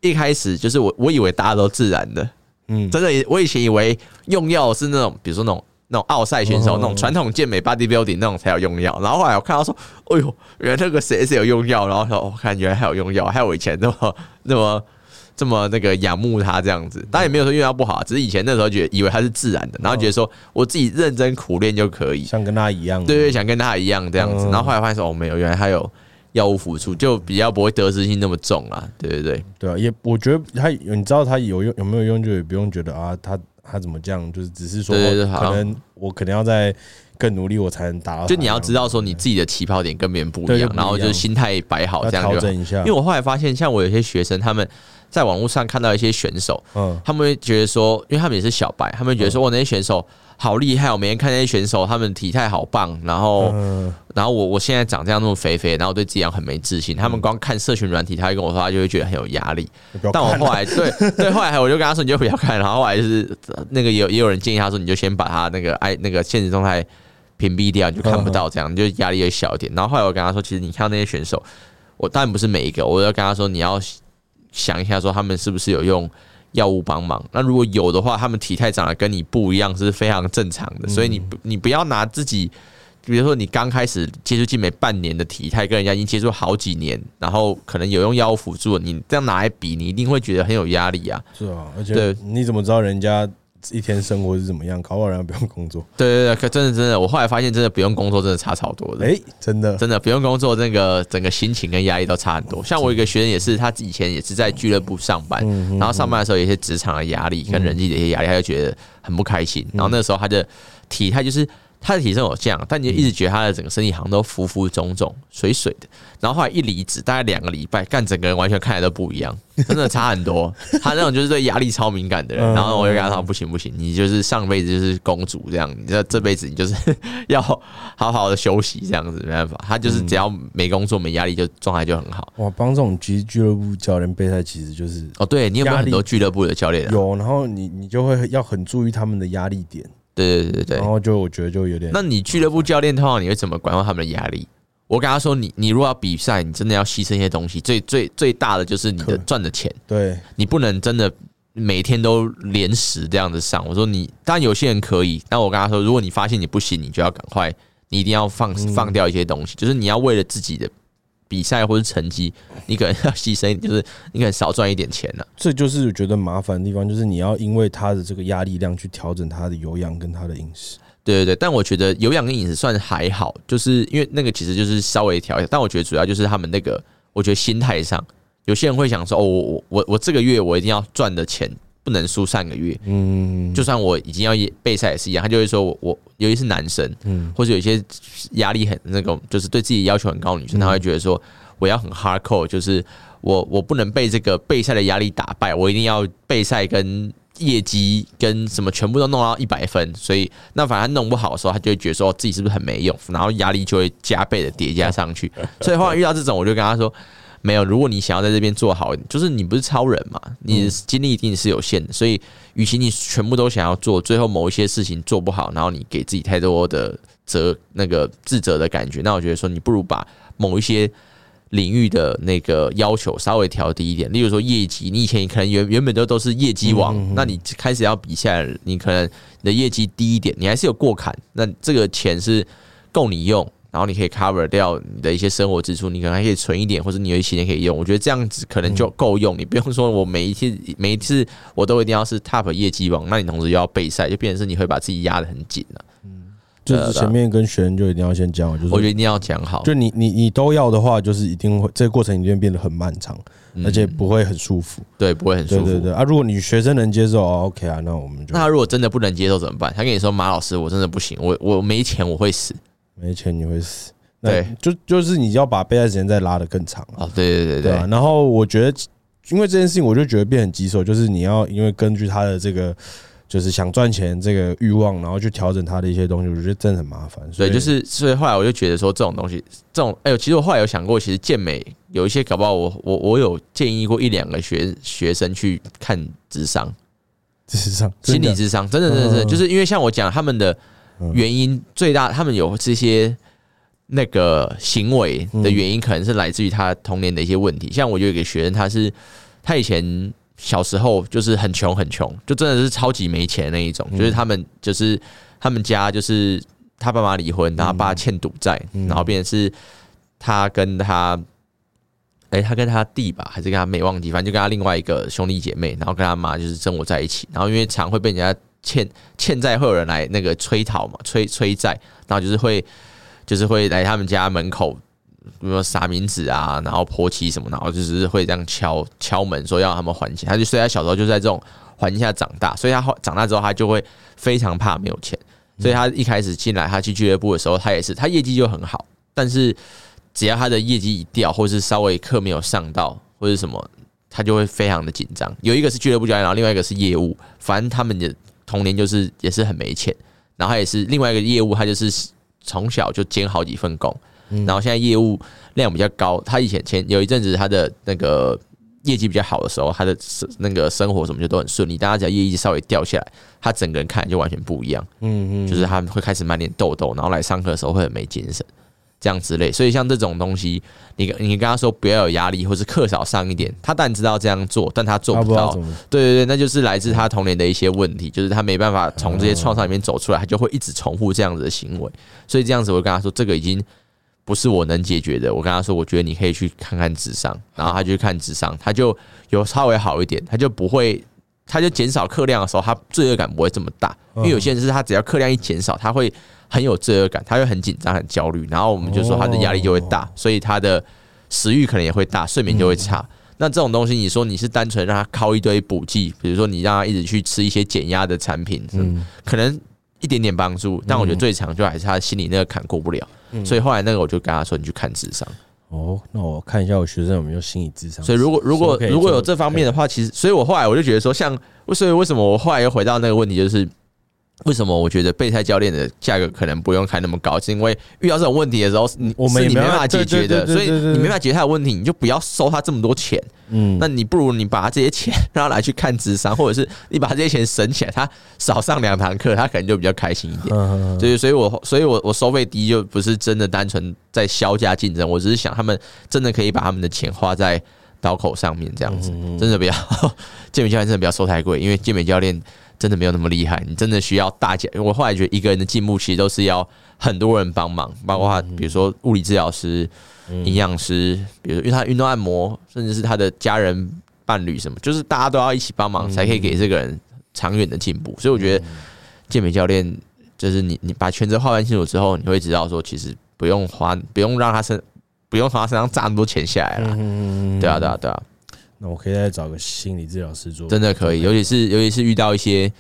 一開始就是我我以為大家都自然的，嗯，真的，我以前以為用藥是那種，比如說那種那種奧賽選手那種傳統健美 bodybuilding 那種才有用藥，然後後來我看到說，哎呦，原來那個誰誰有用藥，然後說我、哦、看原來還有用藥，還有我以前那麼那麼。這麼那個仰慕他這樣子，當然也沒有說用藥不好、啊，只是以前那時候覺得以為他是自然的，然後覺得說我自己認真苦練就可以，像跟他一樣，對對,對，想跟他一樣這樣子。然後後來發現哦，沒有，原來他有藥物輔助，就比較不會得失心那麼重啊，對對對，對啊，也我覺得他，你知道他有用有沒有用，就也不用覺得啊，他他怎麼這樣，就是只是說可能我可能要再更努力，我才能達到。就你要知道說，你自己的起跑點跟別人不一樣，然後就是心態擺好這樣子，因為我後來發現，像我有些學生他們。在網絡上看到一些選手，嗯，他們會覺得說，因為他們也是小白，他們覺得說，嗯、哇，那些選手好厲害，我每天看那些選手，他們體態好棒，然後，嗯、然後我我現在長這樣那麼肥肥，然後對自己很沒自信。嗯、他們光看社群軟體，他就跟我說，他就會覺得很有壓力。我但我後來，對對，後來我就跟他說，你就不要看。然後後來就是那個也也有人建議他說，你就先把他那個哎那個限時動態屏蔽掉，你就看不到這樣，嗯、就壓力會小一點。然後後來我跟他說，其實你看那些選手，我當然不是每一個，我就跟他說你要想一下，說他們是不是有用藥物幫忙？那如果有的話，他們體態長得跟你不一樣，是非常正常的。所以你你不要拿自己，比如說你剛開始接觸健美半年的體態，跟人家已經接觸好幾年，然後可能有用藥物輔助，你這樣拿來比，你一定會覺得很有壓力啊。是啊，而且對你怎麼知道人家？一天生活是怎麼樣？搞不好，然後不用工作？對對對，可真的真的，我後來發現真的不用工作，真的差超多誒、欸，真的真的不用工作、那個，這個整個心情跟壓力都差很多。像我一個學生也是，他以前也是在俱樂部上班，嗯嗯嗯嗯、然後上班的時候有些職場的壓力跟人際的一些壓力，他就覺得很不開心。然後那個時候他的體態就是。他的體重有降，但你就一直覺得他的整個身體好像都浮浮腫腫、水水的。然後後來一離職，大概兩個禮拜，幹整個人完全看起來都不一樣，真的差很多。 <laughs> 他那種就是對壓力超敏感的人。嗯、然後我就跟他說，不行不行，你就是上輩子就是公主這樣，你知道，這輩子你就是要好好的休息，這樣子沒辦法。”他就是只要沒工作、沒壓力就，就狀態就很好。哇，幫這種其實俱樂部教練備賽其實就是哦，喔、對，你有沒有很多俱樂部的教練？、啊？有，然後你你就會要很注意他們的壓力點。對對對對，然後就我覺得就有點。那你俱樂部教練的話，你會怎麼管控他們的壓力？我跟他說，你你如果要比賽，你真的要犧牲一些東西，最最最大的就是你的賺的錢。對你不能真的每天都連時這樣子上。我說你，當然有些人可以。但我跟他說，如果你發現你不行，你就要趕快，你一定要放、嗯、放掉一些東西，就是你要為了自己的。比賽或是成績，你可能要犧牲，就是你可能少賺一點錢了啊。這就是我覺得麻煩的地方，就是你要因為他的這個壓力量去調整他的有氧跟他的飲食。對對對，但我覺得有氧跟飲食算還好，就是因為那個其實就是稍微調一下。但我覺得主要就是他們那個，我覺得心態上，有些人會想說：“哦，我我我這個月我一定要賺的錢。”不能輸三個月，嗯，就算我已經要備賽也是一樣，他就會說，我尤其是男生，或者有一些壓力很那種，就是對自己要求很高的女生，他會覺得說，我要很 hardcore，就是我我不能被這個備賽的壓力打敗，我一定要備賽跟業績跟什麼全部都弄到一百分，所以那反正他弄不好的時候，他就會覺得說自己是不是很沒用，然後壓力就會加倍的疊加上去，所以後來遇到這種，我就跟他說。沒有，如果你想要在這邊做好，就是你不是超人嘛，你的精力一定是有限的。嗯、所以，與其你全部都想要做，最後某一些事情做不好，然後你給自己太多的責那個自責的感覺，那我覺得說，你不如把某一些領域的那個要求稍微調低一點。例如說業績，你以前可能原原本都都是業績王，嗯嗯嗯。那你開始要比下來，你可能你的業績低一點，你還是有過坎，那這個錢是夠你用。然後你可以 cover 掉你的一些生活支出，你可能還可以存一點，或者你有一些錢可以用。我覺得這樣子可能就夠用，嗯、你不用說我每一次每一次我都一定要是 top 業績王，那你同時又要備賽，就變成是你會把自己壓得很緊了。嗯，就是前面跟學生就一定要先講，就是、我覺得一定要講好。就你你你都要的話，就是一定會這個過程一定會變得很漫長，而且不會很舒服。嗯、對，不會很舒服。對對對。啊，如果你學生能接受、哦、，OK 啊，那我們就那他如果真的不能接受怎麼辦？他跟你說馬老師，我真的不行，我我沒錢，我會死。沒錢你會死，對，就就是你要把備賽時間再拉得更長啊，對對對對，然後我覺得，因為這件事情我就覺得變很棘手，就是你要因為根據他的這個，就是想賺錢這個慾望，然後去調整他的一些東西，我覺得真的很麻煩。對，就是所以後來我就覺得說，這種東西，這種哎呦、欸，其實我後來有想過，其實健美有一些搞不好我，我我我有建議過一兩個學學生去看諮商，諮商，心理諮商，真的真的，就是因為像我講他們的。原因最大，他們有這些那個行為的原因，可能是來自於他童年的一些問題。像我有一個學生，他是他以前小時候就是很窮，很窮，就真的是超級沒錢那一種。就是他們就是他們家就是他爸媽離婚，然後他爸欠賭債，然後變成是他跟他，哎，他跟他弟吧，還是跟他沒忘記，，反正就跟他另外一個兄弟姐妹，然後跟他媽就是生活在一起。然後因為常會被人家。欠欠債會有人來那個催討嘛，催催債，然後就是會就是會來他們家門口，比如說撒冥紙啊，然後潑漆什麼，然後就是會這樣敲敲門說要他們還錢。他就所以他小時候就在這種環境下長大，所以他長大之後他就會非常怕沒有錢。所以他一開始進來他去俱樂部的時候，他也是他業績就很好，但是只要他的業績一掉，或是稍微課沒有上到，或者什麼，他就會非常的緊張。有一個是俱樂部教練，然後另外一個是業務，反正他們的。童年就是也是很沒錢，然後也是另外一個業務，他就是從小就兼好幾份工，嗯、然後現在業務量比較高。他以前前有一陣子他的那個業績比較好的時候，他的那個生活什麼就都很順利。但是他只要業績稍微掉下來，他整個人看就完全不一樣。嗯嗯，就是他會開始滿臉痘痘，然後來上課的時候會很沒精神。這樣之類，所以像這種東西，你你跟他說不要有壓力，或是課少上一點，他當然知道這樣做，但他做不到。不對對對，那就是來自他童年的一些問題，就是他沒辦法從這些創傷裡面走出來，他就會一直重複這樣子的行為。所以這樣子，我跟他說，這個已經不是我能解決的。我跟他說，我覺得你可以去看看諮商，然後他就去看諮商，他就有稍微好一點，他就不會。他就減少克量的時候，他罪惡感不會這麼大，因為有些人是他只要克量一減少，他會很有罪惡感，他會很緊張、很焦慮，然後我們就說他的壓力就會大，哦、所以他的食慾可能也會大，睡眠就會差。嗯、那這種東西，你說你是單純讓他靠一堆補劑，比如說你讓他一直去吃一些減壓的產品，嗯，可能一點點幫助，但我覺得最長就還是他心裡那個坎過不了，所以後來那個我就跟他說，你去看諮商。哦，那我看一下我學生有沒有心理諮商。所以如果如果所以 OK，如果有這方面的話，所以 OK，其實所以我後來我就覺得說像，為所以為什麼我後來又回到那個問題，就是。為什麼我覺得備賽教練的價格可能不用開那麼高？是因為遇到這種問題的時候，你你沒辦法解決的，所以你沒辦法解決他的問題，你就不要收他這麼多錢。嗯，那你不如你把他這些錢讓他來去看諮商，或者是你把這些錢省起來，他少上兩堂課，他可能就比較開心一點。所以，所以我，所以我我收費低就不是真的單純在削價競爭，我只是想他們真的可以把他們的錢花在刀口上面，這樣子真的不要。健美教練真的不要收太貴，因為健美教練。真的沒有那麼厲害，你真的需要大家。我後來覺得，一個人的進步其實都是要很多人幫忙，包括他比如說物理治療師、營養師，比如說因為他運動按摩，甚至是他的家人、伴侶什麼，就是大家都要一起幫忙，才可以給這個人長遠的進步。所以我覺得健美教練就是你，你把全職畫完清楚之後，你會知道說，其實不用花，不用讓他身，不用從他身上榨那麼多錢下來了。嗯，對啊對啊對啊。那我可以再找個心理治療師做，真的可以，尤其是尤其是遇到一些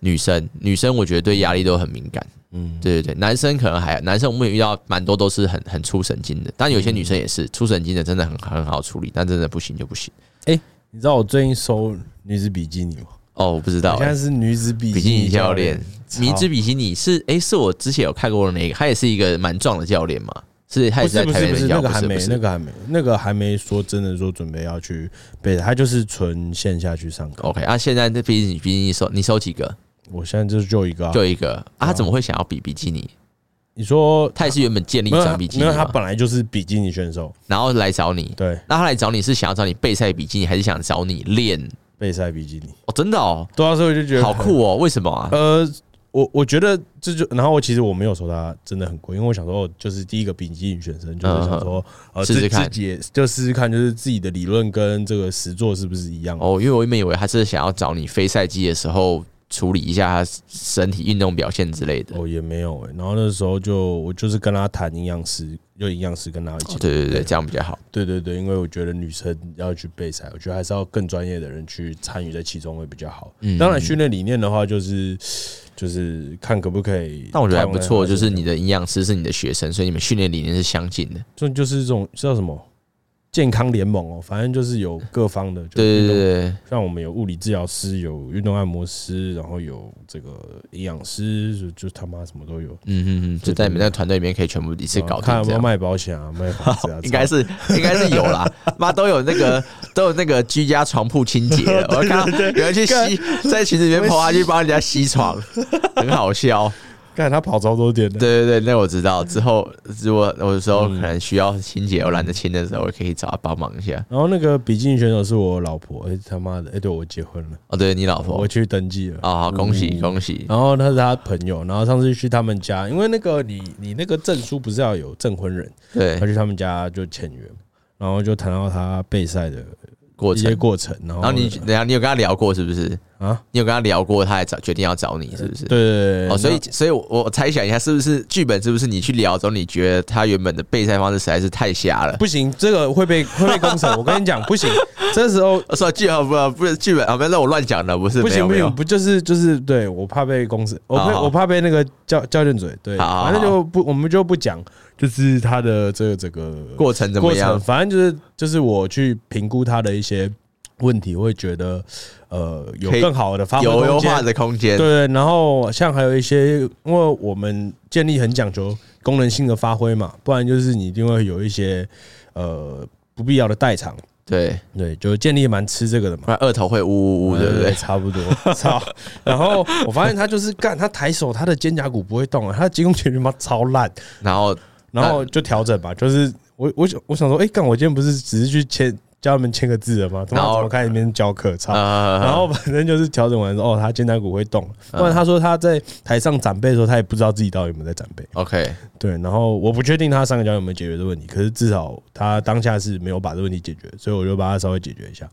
女生，女生我覺得對壓力都很敏感，嗯，對對對，男生可能還，男生我們也遇到蠻多都是很很粗神經的，但有些女生也是粗、嗯、神經的，真的很很好處理，但真的不行就不行。哎、欸，你知道我最近收女子比基尼嗎？哦，我不知道，我現在是女子比基尼教練，比基尼教練，超比基尼是哎、欸，是我之前有看過的那個，他也是一個蠻壯的教練嘛。是，他也是在台北？不是，不，是不是那個還沒，那個還沒，那個還沒說真的說準備要去備，他就是純線下去上課。O K，那現在這比基比基尼你收你收幾個？我現在就是就一個，啊，就一個，啊。對啊啊，他怎麼會想要比比基尼？你說他，他也是原本建立一張比基尼，那他本來就是比基尼選手，然後來找你。對，那他來找你是想要找你備賽比基尼，還是想找你練備賽比基尼？哦，真的哦。對啊，所以我就覺得好酷哦。為什麼啊？呃。我我覺得這就，然後其實我沒有說它真的很貴，因為我想說，就是第一個丙級女選手，就是想說，嗯、試試呃，試試看，就試試看，就是自己的理論跟這個實作是不是一樣的哦。因為我原本以為他是想要找你非賽季的時候。處理一下身體運動表現之類的，哦，也沒有哎、欸。然後那時候就我就是跟他談營養師，就營養師跟他一起，哦、對對對，這樣比較好。對對對，因為我覺得女生要去備賽，我覺得還是要更專業的人去參與在其中會比較好。嗯，當然訓練理念的話，就是就是看可不可以。但我覺得還不錯，就是你的營養師是你的學生，所以你們訓練理念是相近的。就就是這種叫什麼？健康聯盟哦，反正就是有各方的，對對對，像我們有物理治療師，有運動按摩師，然後有這個營養師，就就他媽什麼都有。嗯嗯嗯，就在你們那團隊裡面可以全部一次搞。他有沒有賣保險啊？賣保險啊，應該是應該是有啦，媽都有那個都有那個居家床鋪清潔，我看有人去吸，在群裡面跑下去幫人家吸床，很好笑。看他跑超多點的，對對對，那我知道。之後如果我有時候可能需要清潔，我懶得清的時候，我可以找他幫忙一下、嗯。然後那個比基尼選手是我老婆，哎他媽的，哎對，我結婚了，哦，對你老婆，我去登記了，啊、哦，恭喜恭喜、嗯。然後他是他朋友，然後上次去他們家，因為那個你你那個證書不是要有證婚人，對，他去他們家就簽約，然後就談到他備賽的。過程過程，然後你，等下，你有跟他聊過是不是啊？你有跟他聊過，他還找決定要找你是不是？對哦，所以所以，我猜想一下，是不是劇本？是不是你去聊的時候，你覺得他原本的備賽方式實在是太瞎了？不行，這個會被會被公審。我跟你講， <laughs> 不行。這時候，是劇不不是劇本啊？別讓我亂講了，不是。不行不行，不行，不就是就是，對我怕被公審，我好好我怕被那個教教練嘴，對，好好反正就不我們就不講。就是他的這個這個過程，過程怎麼樣？反正就是就是我去評估他的一些問題，我會覺得呃有更好的發揮，有優化的空間，對然後像還有一些，因為我們建立很講究功能性的發揮嘛，不然就是你一定會有一些呃不必要的代償。對對，就建立蠻吃這個的嘛，二頭會嗚嗚嗚，對不對？差不多，操！ <laughs> 然後我發現他就是幹， <laughs> 他抬手，他的肩胛骨不會動啊，他的肩關節他超爛，然後。然後就調整吧，啊、就是我我想我想說，哎、欸，幹我今天不是只是去簽教他們簽個字了嗎？怎麼好怎麼開始邊教課操？啊啊啊、然後反正就是調整完之後，哦、他肩胛骨會動。不然他說他在台上展背的時候，他也不知道自己到底有沒有在展背。OK，、啊、對。然後我不確定他上個教有沒有解決這問題，可是至少他當下是沒有把這個問題解決，所以我就把他稍微解決一下。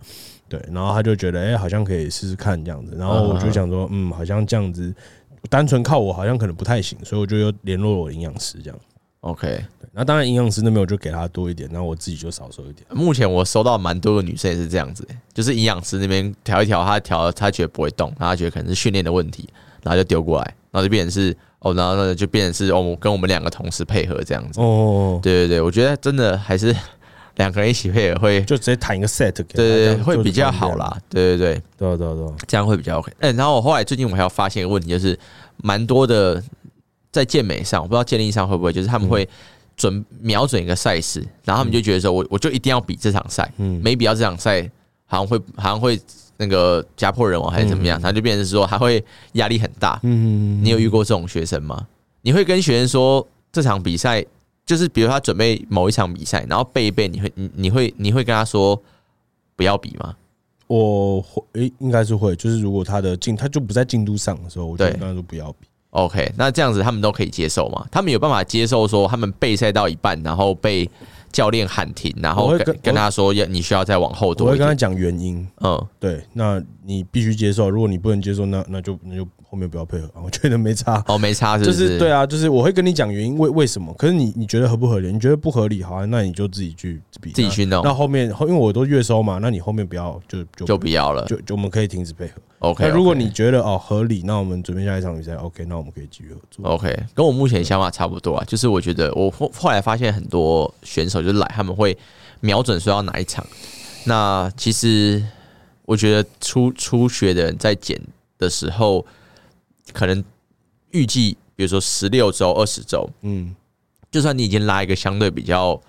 對，然後他就覺得，哎、欸，好像可以試試看這樣子。然後我就想說，啊啊、嗯，好像這樣子，單純靠我好像可能不太行，所以我就又聯絡了我的營養師這樣。OK，那當然營養師那邊我就給他多一點，那我自己就少收一點。目前我收到蠻多個女生也是這樣子，欸，就是營養師那邊調一調，他調他覺得不會動，然後他覺得可能是訓練的問題，然後就丟過來，然後就變成是哦，喔，然後那就變成是我，喔喔，跟我們兩個同事配合這樣子。哦，哦，哦哦，對對對，我覺得真的還是兩個人一起配合會，就直接彈一個 set，給對，對對，會比較好啦，對對對，對對對，這樣會比較 OK。OK，欸，嗯，然後我後來最近我還要發現一個問題，就是蠻多的。在健美上，我不知道健力上會不會，就是他們會準、嗯、瞄準一個賽事，然後他們就覺得說，我、嗯、我就一定要比這場賽，嗯、沒比到這場賽好像會好像會那個家破人亡，還是怎麼樣，他、嗯、就變成是說他會壓力很大。嗯，你有遇過這種學生嗎？嗯、你會跟學生說，這場比賽就是比如他準備某一場比賽，然後背一背你，你會你你會你會跟他說不要比嗎？我會誒、欸，應該是會，就是如果他的進他就不在進度上的時候，我就跟他說不要比。OK，那這樣子他們都可以接受嗎？他們有辦法接受說他們備賽到一半，然後被教練喊停，然後跟、跟、跟他說要你需要再往後多。我會跟他講原因，嗯，對，那你必須接受。如果你不能接受，那那就那就。那就後面不要配合，我覺得沒差哦，沒差，就是對啊，就是我會跟你講原因為為什麼。可是你你覺得合不合理？你覺得不合理，好啊，那你就自己去自己去弄。那後面因為我都月收嘛，那你後面不要就就就不要了，就就我們可以停止配合。OK，那如果你覺得哦合理，那我們準備下一場比賽。OK，那我們可以繼續合作。OK，跟我目前想法差不多啊，就是我覺得我後後來發現很多選手就是來，他們會瞄準說要哪一場。那其實我覺得初初學的人在剪的時候。可能預計，比如說十六週、二十週，嗯，就算你已經拉一個相對比較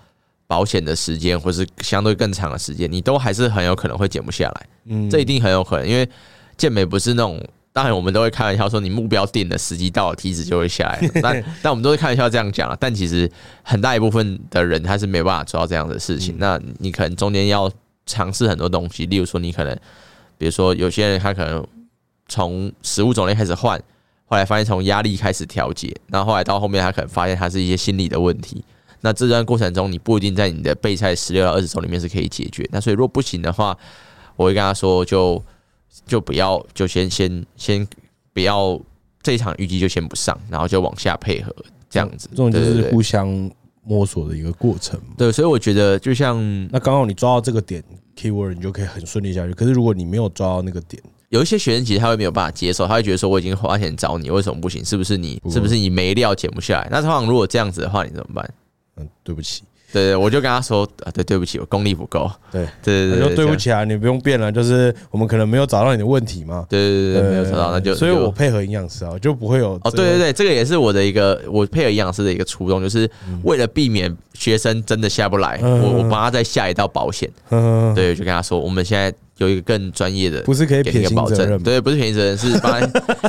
保險的時間，或是相對更長的時間，你都還是很有可能會減不下來。嗯，這一定很有可能，因為健美不是那種，當然我們都會開玩笑說，你目標定的時機到了，體脂就會下來。嗯、但但我們都會開玩笑這樣講了，但其實很大一部分的人他是沒辦法做到這樣的事情。那你可能中間要嘗試很多東西，例如說你可能，比如說有些人他可能。從食物種類開始換，後來發現從壓力開始調節，然後後來到後面他可能發現他是一些心理的問題。那這段過程中，你不一定在你的備賽十六到二十周裡面是可以解決。那所以如果不行的話，我會跟他說就，就就不要，就先先先不要這一場預計就先不上，然後就往下配合這樣子。這種就是對對對對互相摸索的一個過程。對，所以我覺得就像那剛剛你抓到這個點 keyword，你就可以很順利下去。可是如果你沒有抓到那個點。有一些學生其實他會沒有辦法接受，他會覺得說我已經花錢找你，為什麼不行？是不是你是不是你沒料減不下來？那通常如果這樣子的話，你怎麼辦？嗯，對不起，對，我就跟他說啊，對，對不起，我功力不夠。對對對,對對對，對不起啊，樣你不用變了，就是我們可能沒有找到你的問題嘛。對,對對對，對沒有找到，對那就所以我配合營養師啊，就不會有、這個、哦。對對對，這個也是我的一個我配合營養師的一個初衷，就是為了避免學生真的下不來，嗯、我我幫他再下一道保險。嗯，對，我就跟他說，我們現在。有一個更專業的，不是可以給一個保證？對，不是平宜責任是幫。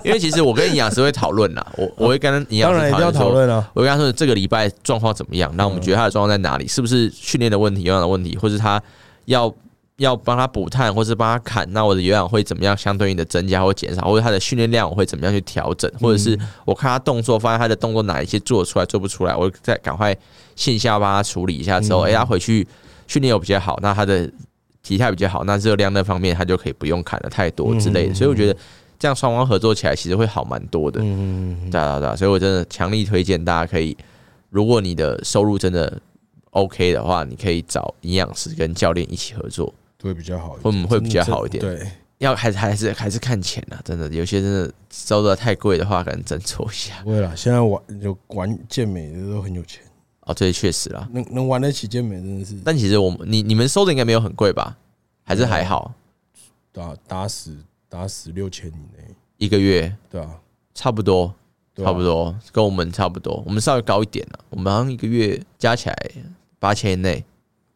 因為其實我跟營養師會討論啦，我我會跟營養、嗯、師討論啊，我會跟他說這個禮拜狀況怎麼樣？那我們覺得他的狀況在哪裡？是不是訓練的問題、有氧的問題，或者他要要幫他補碳，或者幫他砍？那我的有氧會怎麼樣？相對應的增加或減少，或者他的訓練量我會怎麼樣去調整？或者是我看他動作，發現他的動作哪一些做出來做不出來，我再趕快線下幫他處理一下之後，哎、嗯、欸、他回去訓練又比較好，那他的。體態比較好，那熱量那方面他就可以不用砍得太多之類的，嗯嗯嗯嗯嗯，所以我覺得這樣雙方合作起來其實會好蠻多的。對對對，所以我真的強力推薦大家可以，如果你的收入真的 OK 的話，你可以找營養師跟教練一起合作，會比較好，會不會比較好一點？對，要還是還是還是看錢啊，真的有些真的收得太貴的話，可能斟酌一下。對啦，現在玩就玩健美的都很有錢。哦，這也確實了。能能玩得起健美，真的是。但其實我們你你們收的應該沒有很貴吧？還是還好？打打死打死六千以內一個月？對啊，差不多，差不多，跟我們差不多。我們稍微高一點了。我們好像一個月加起來八千內。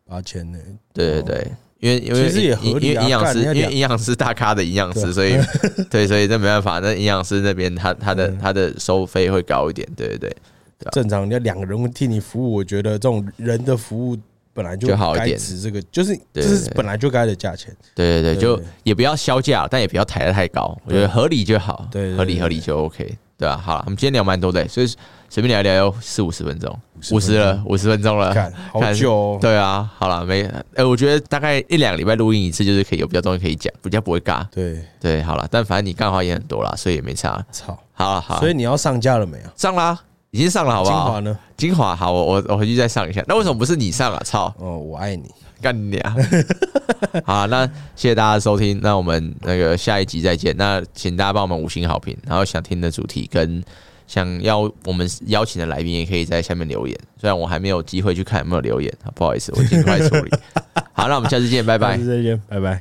八千內，對對對，對。因為因為其實也合，因為營養師，因為營養師大咖的營養師，所以對，所以這沒辦法。那營養師那邊他的他的他的收費會高一點，對對對。正常，人家兩個人替你服務，我覺得這種人的服務本來就，就好一點，這個就是就是本來就該的價錢。對對對，對，就也不要削價，但也不要抬得太高，我覺得合理就好。對，合理合理就 OK，對吧、啊？好了，我們今天聊蠻多的，所以隨便聊一聊，要四五十分鐘，五十了，五十分鐘了，好久、哦。對啊，好了，沒，呃，我覺得大概一兩禮拜錄音一次就是可以，有比較東西可以講，比較不會尬。對對，好了，但反正你幹話也很多了，所以也沒差。操，好啦好，所以你要上架了沒有、啊？上啦。已經上了好不好？精華呢？精華好，我我我回去再上一下。那為什麼不是你上啊？操！哦，我愛你，幹你娘！ <laughs> 好，那謝謝大家收聽，那我們那個下一集再見。那請大家幫我們五星好評，然後想聽的主題跟想邀，我們邀請的來賓也可以在下面留言。雖然我還沒有機會去看有沒有留言啊，不好意思，我儘快處理。 <laughs> 好，那我們下次見， <laughs> 拜拜。下次再見，拜拜。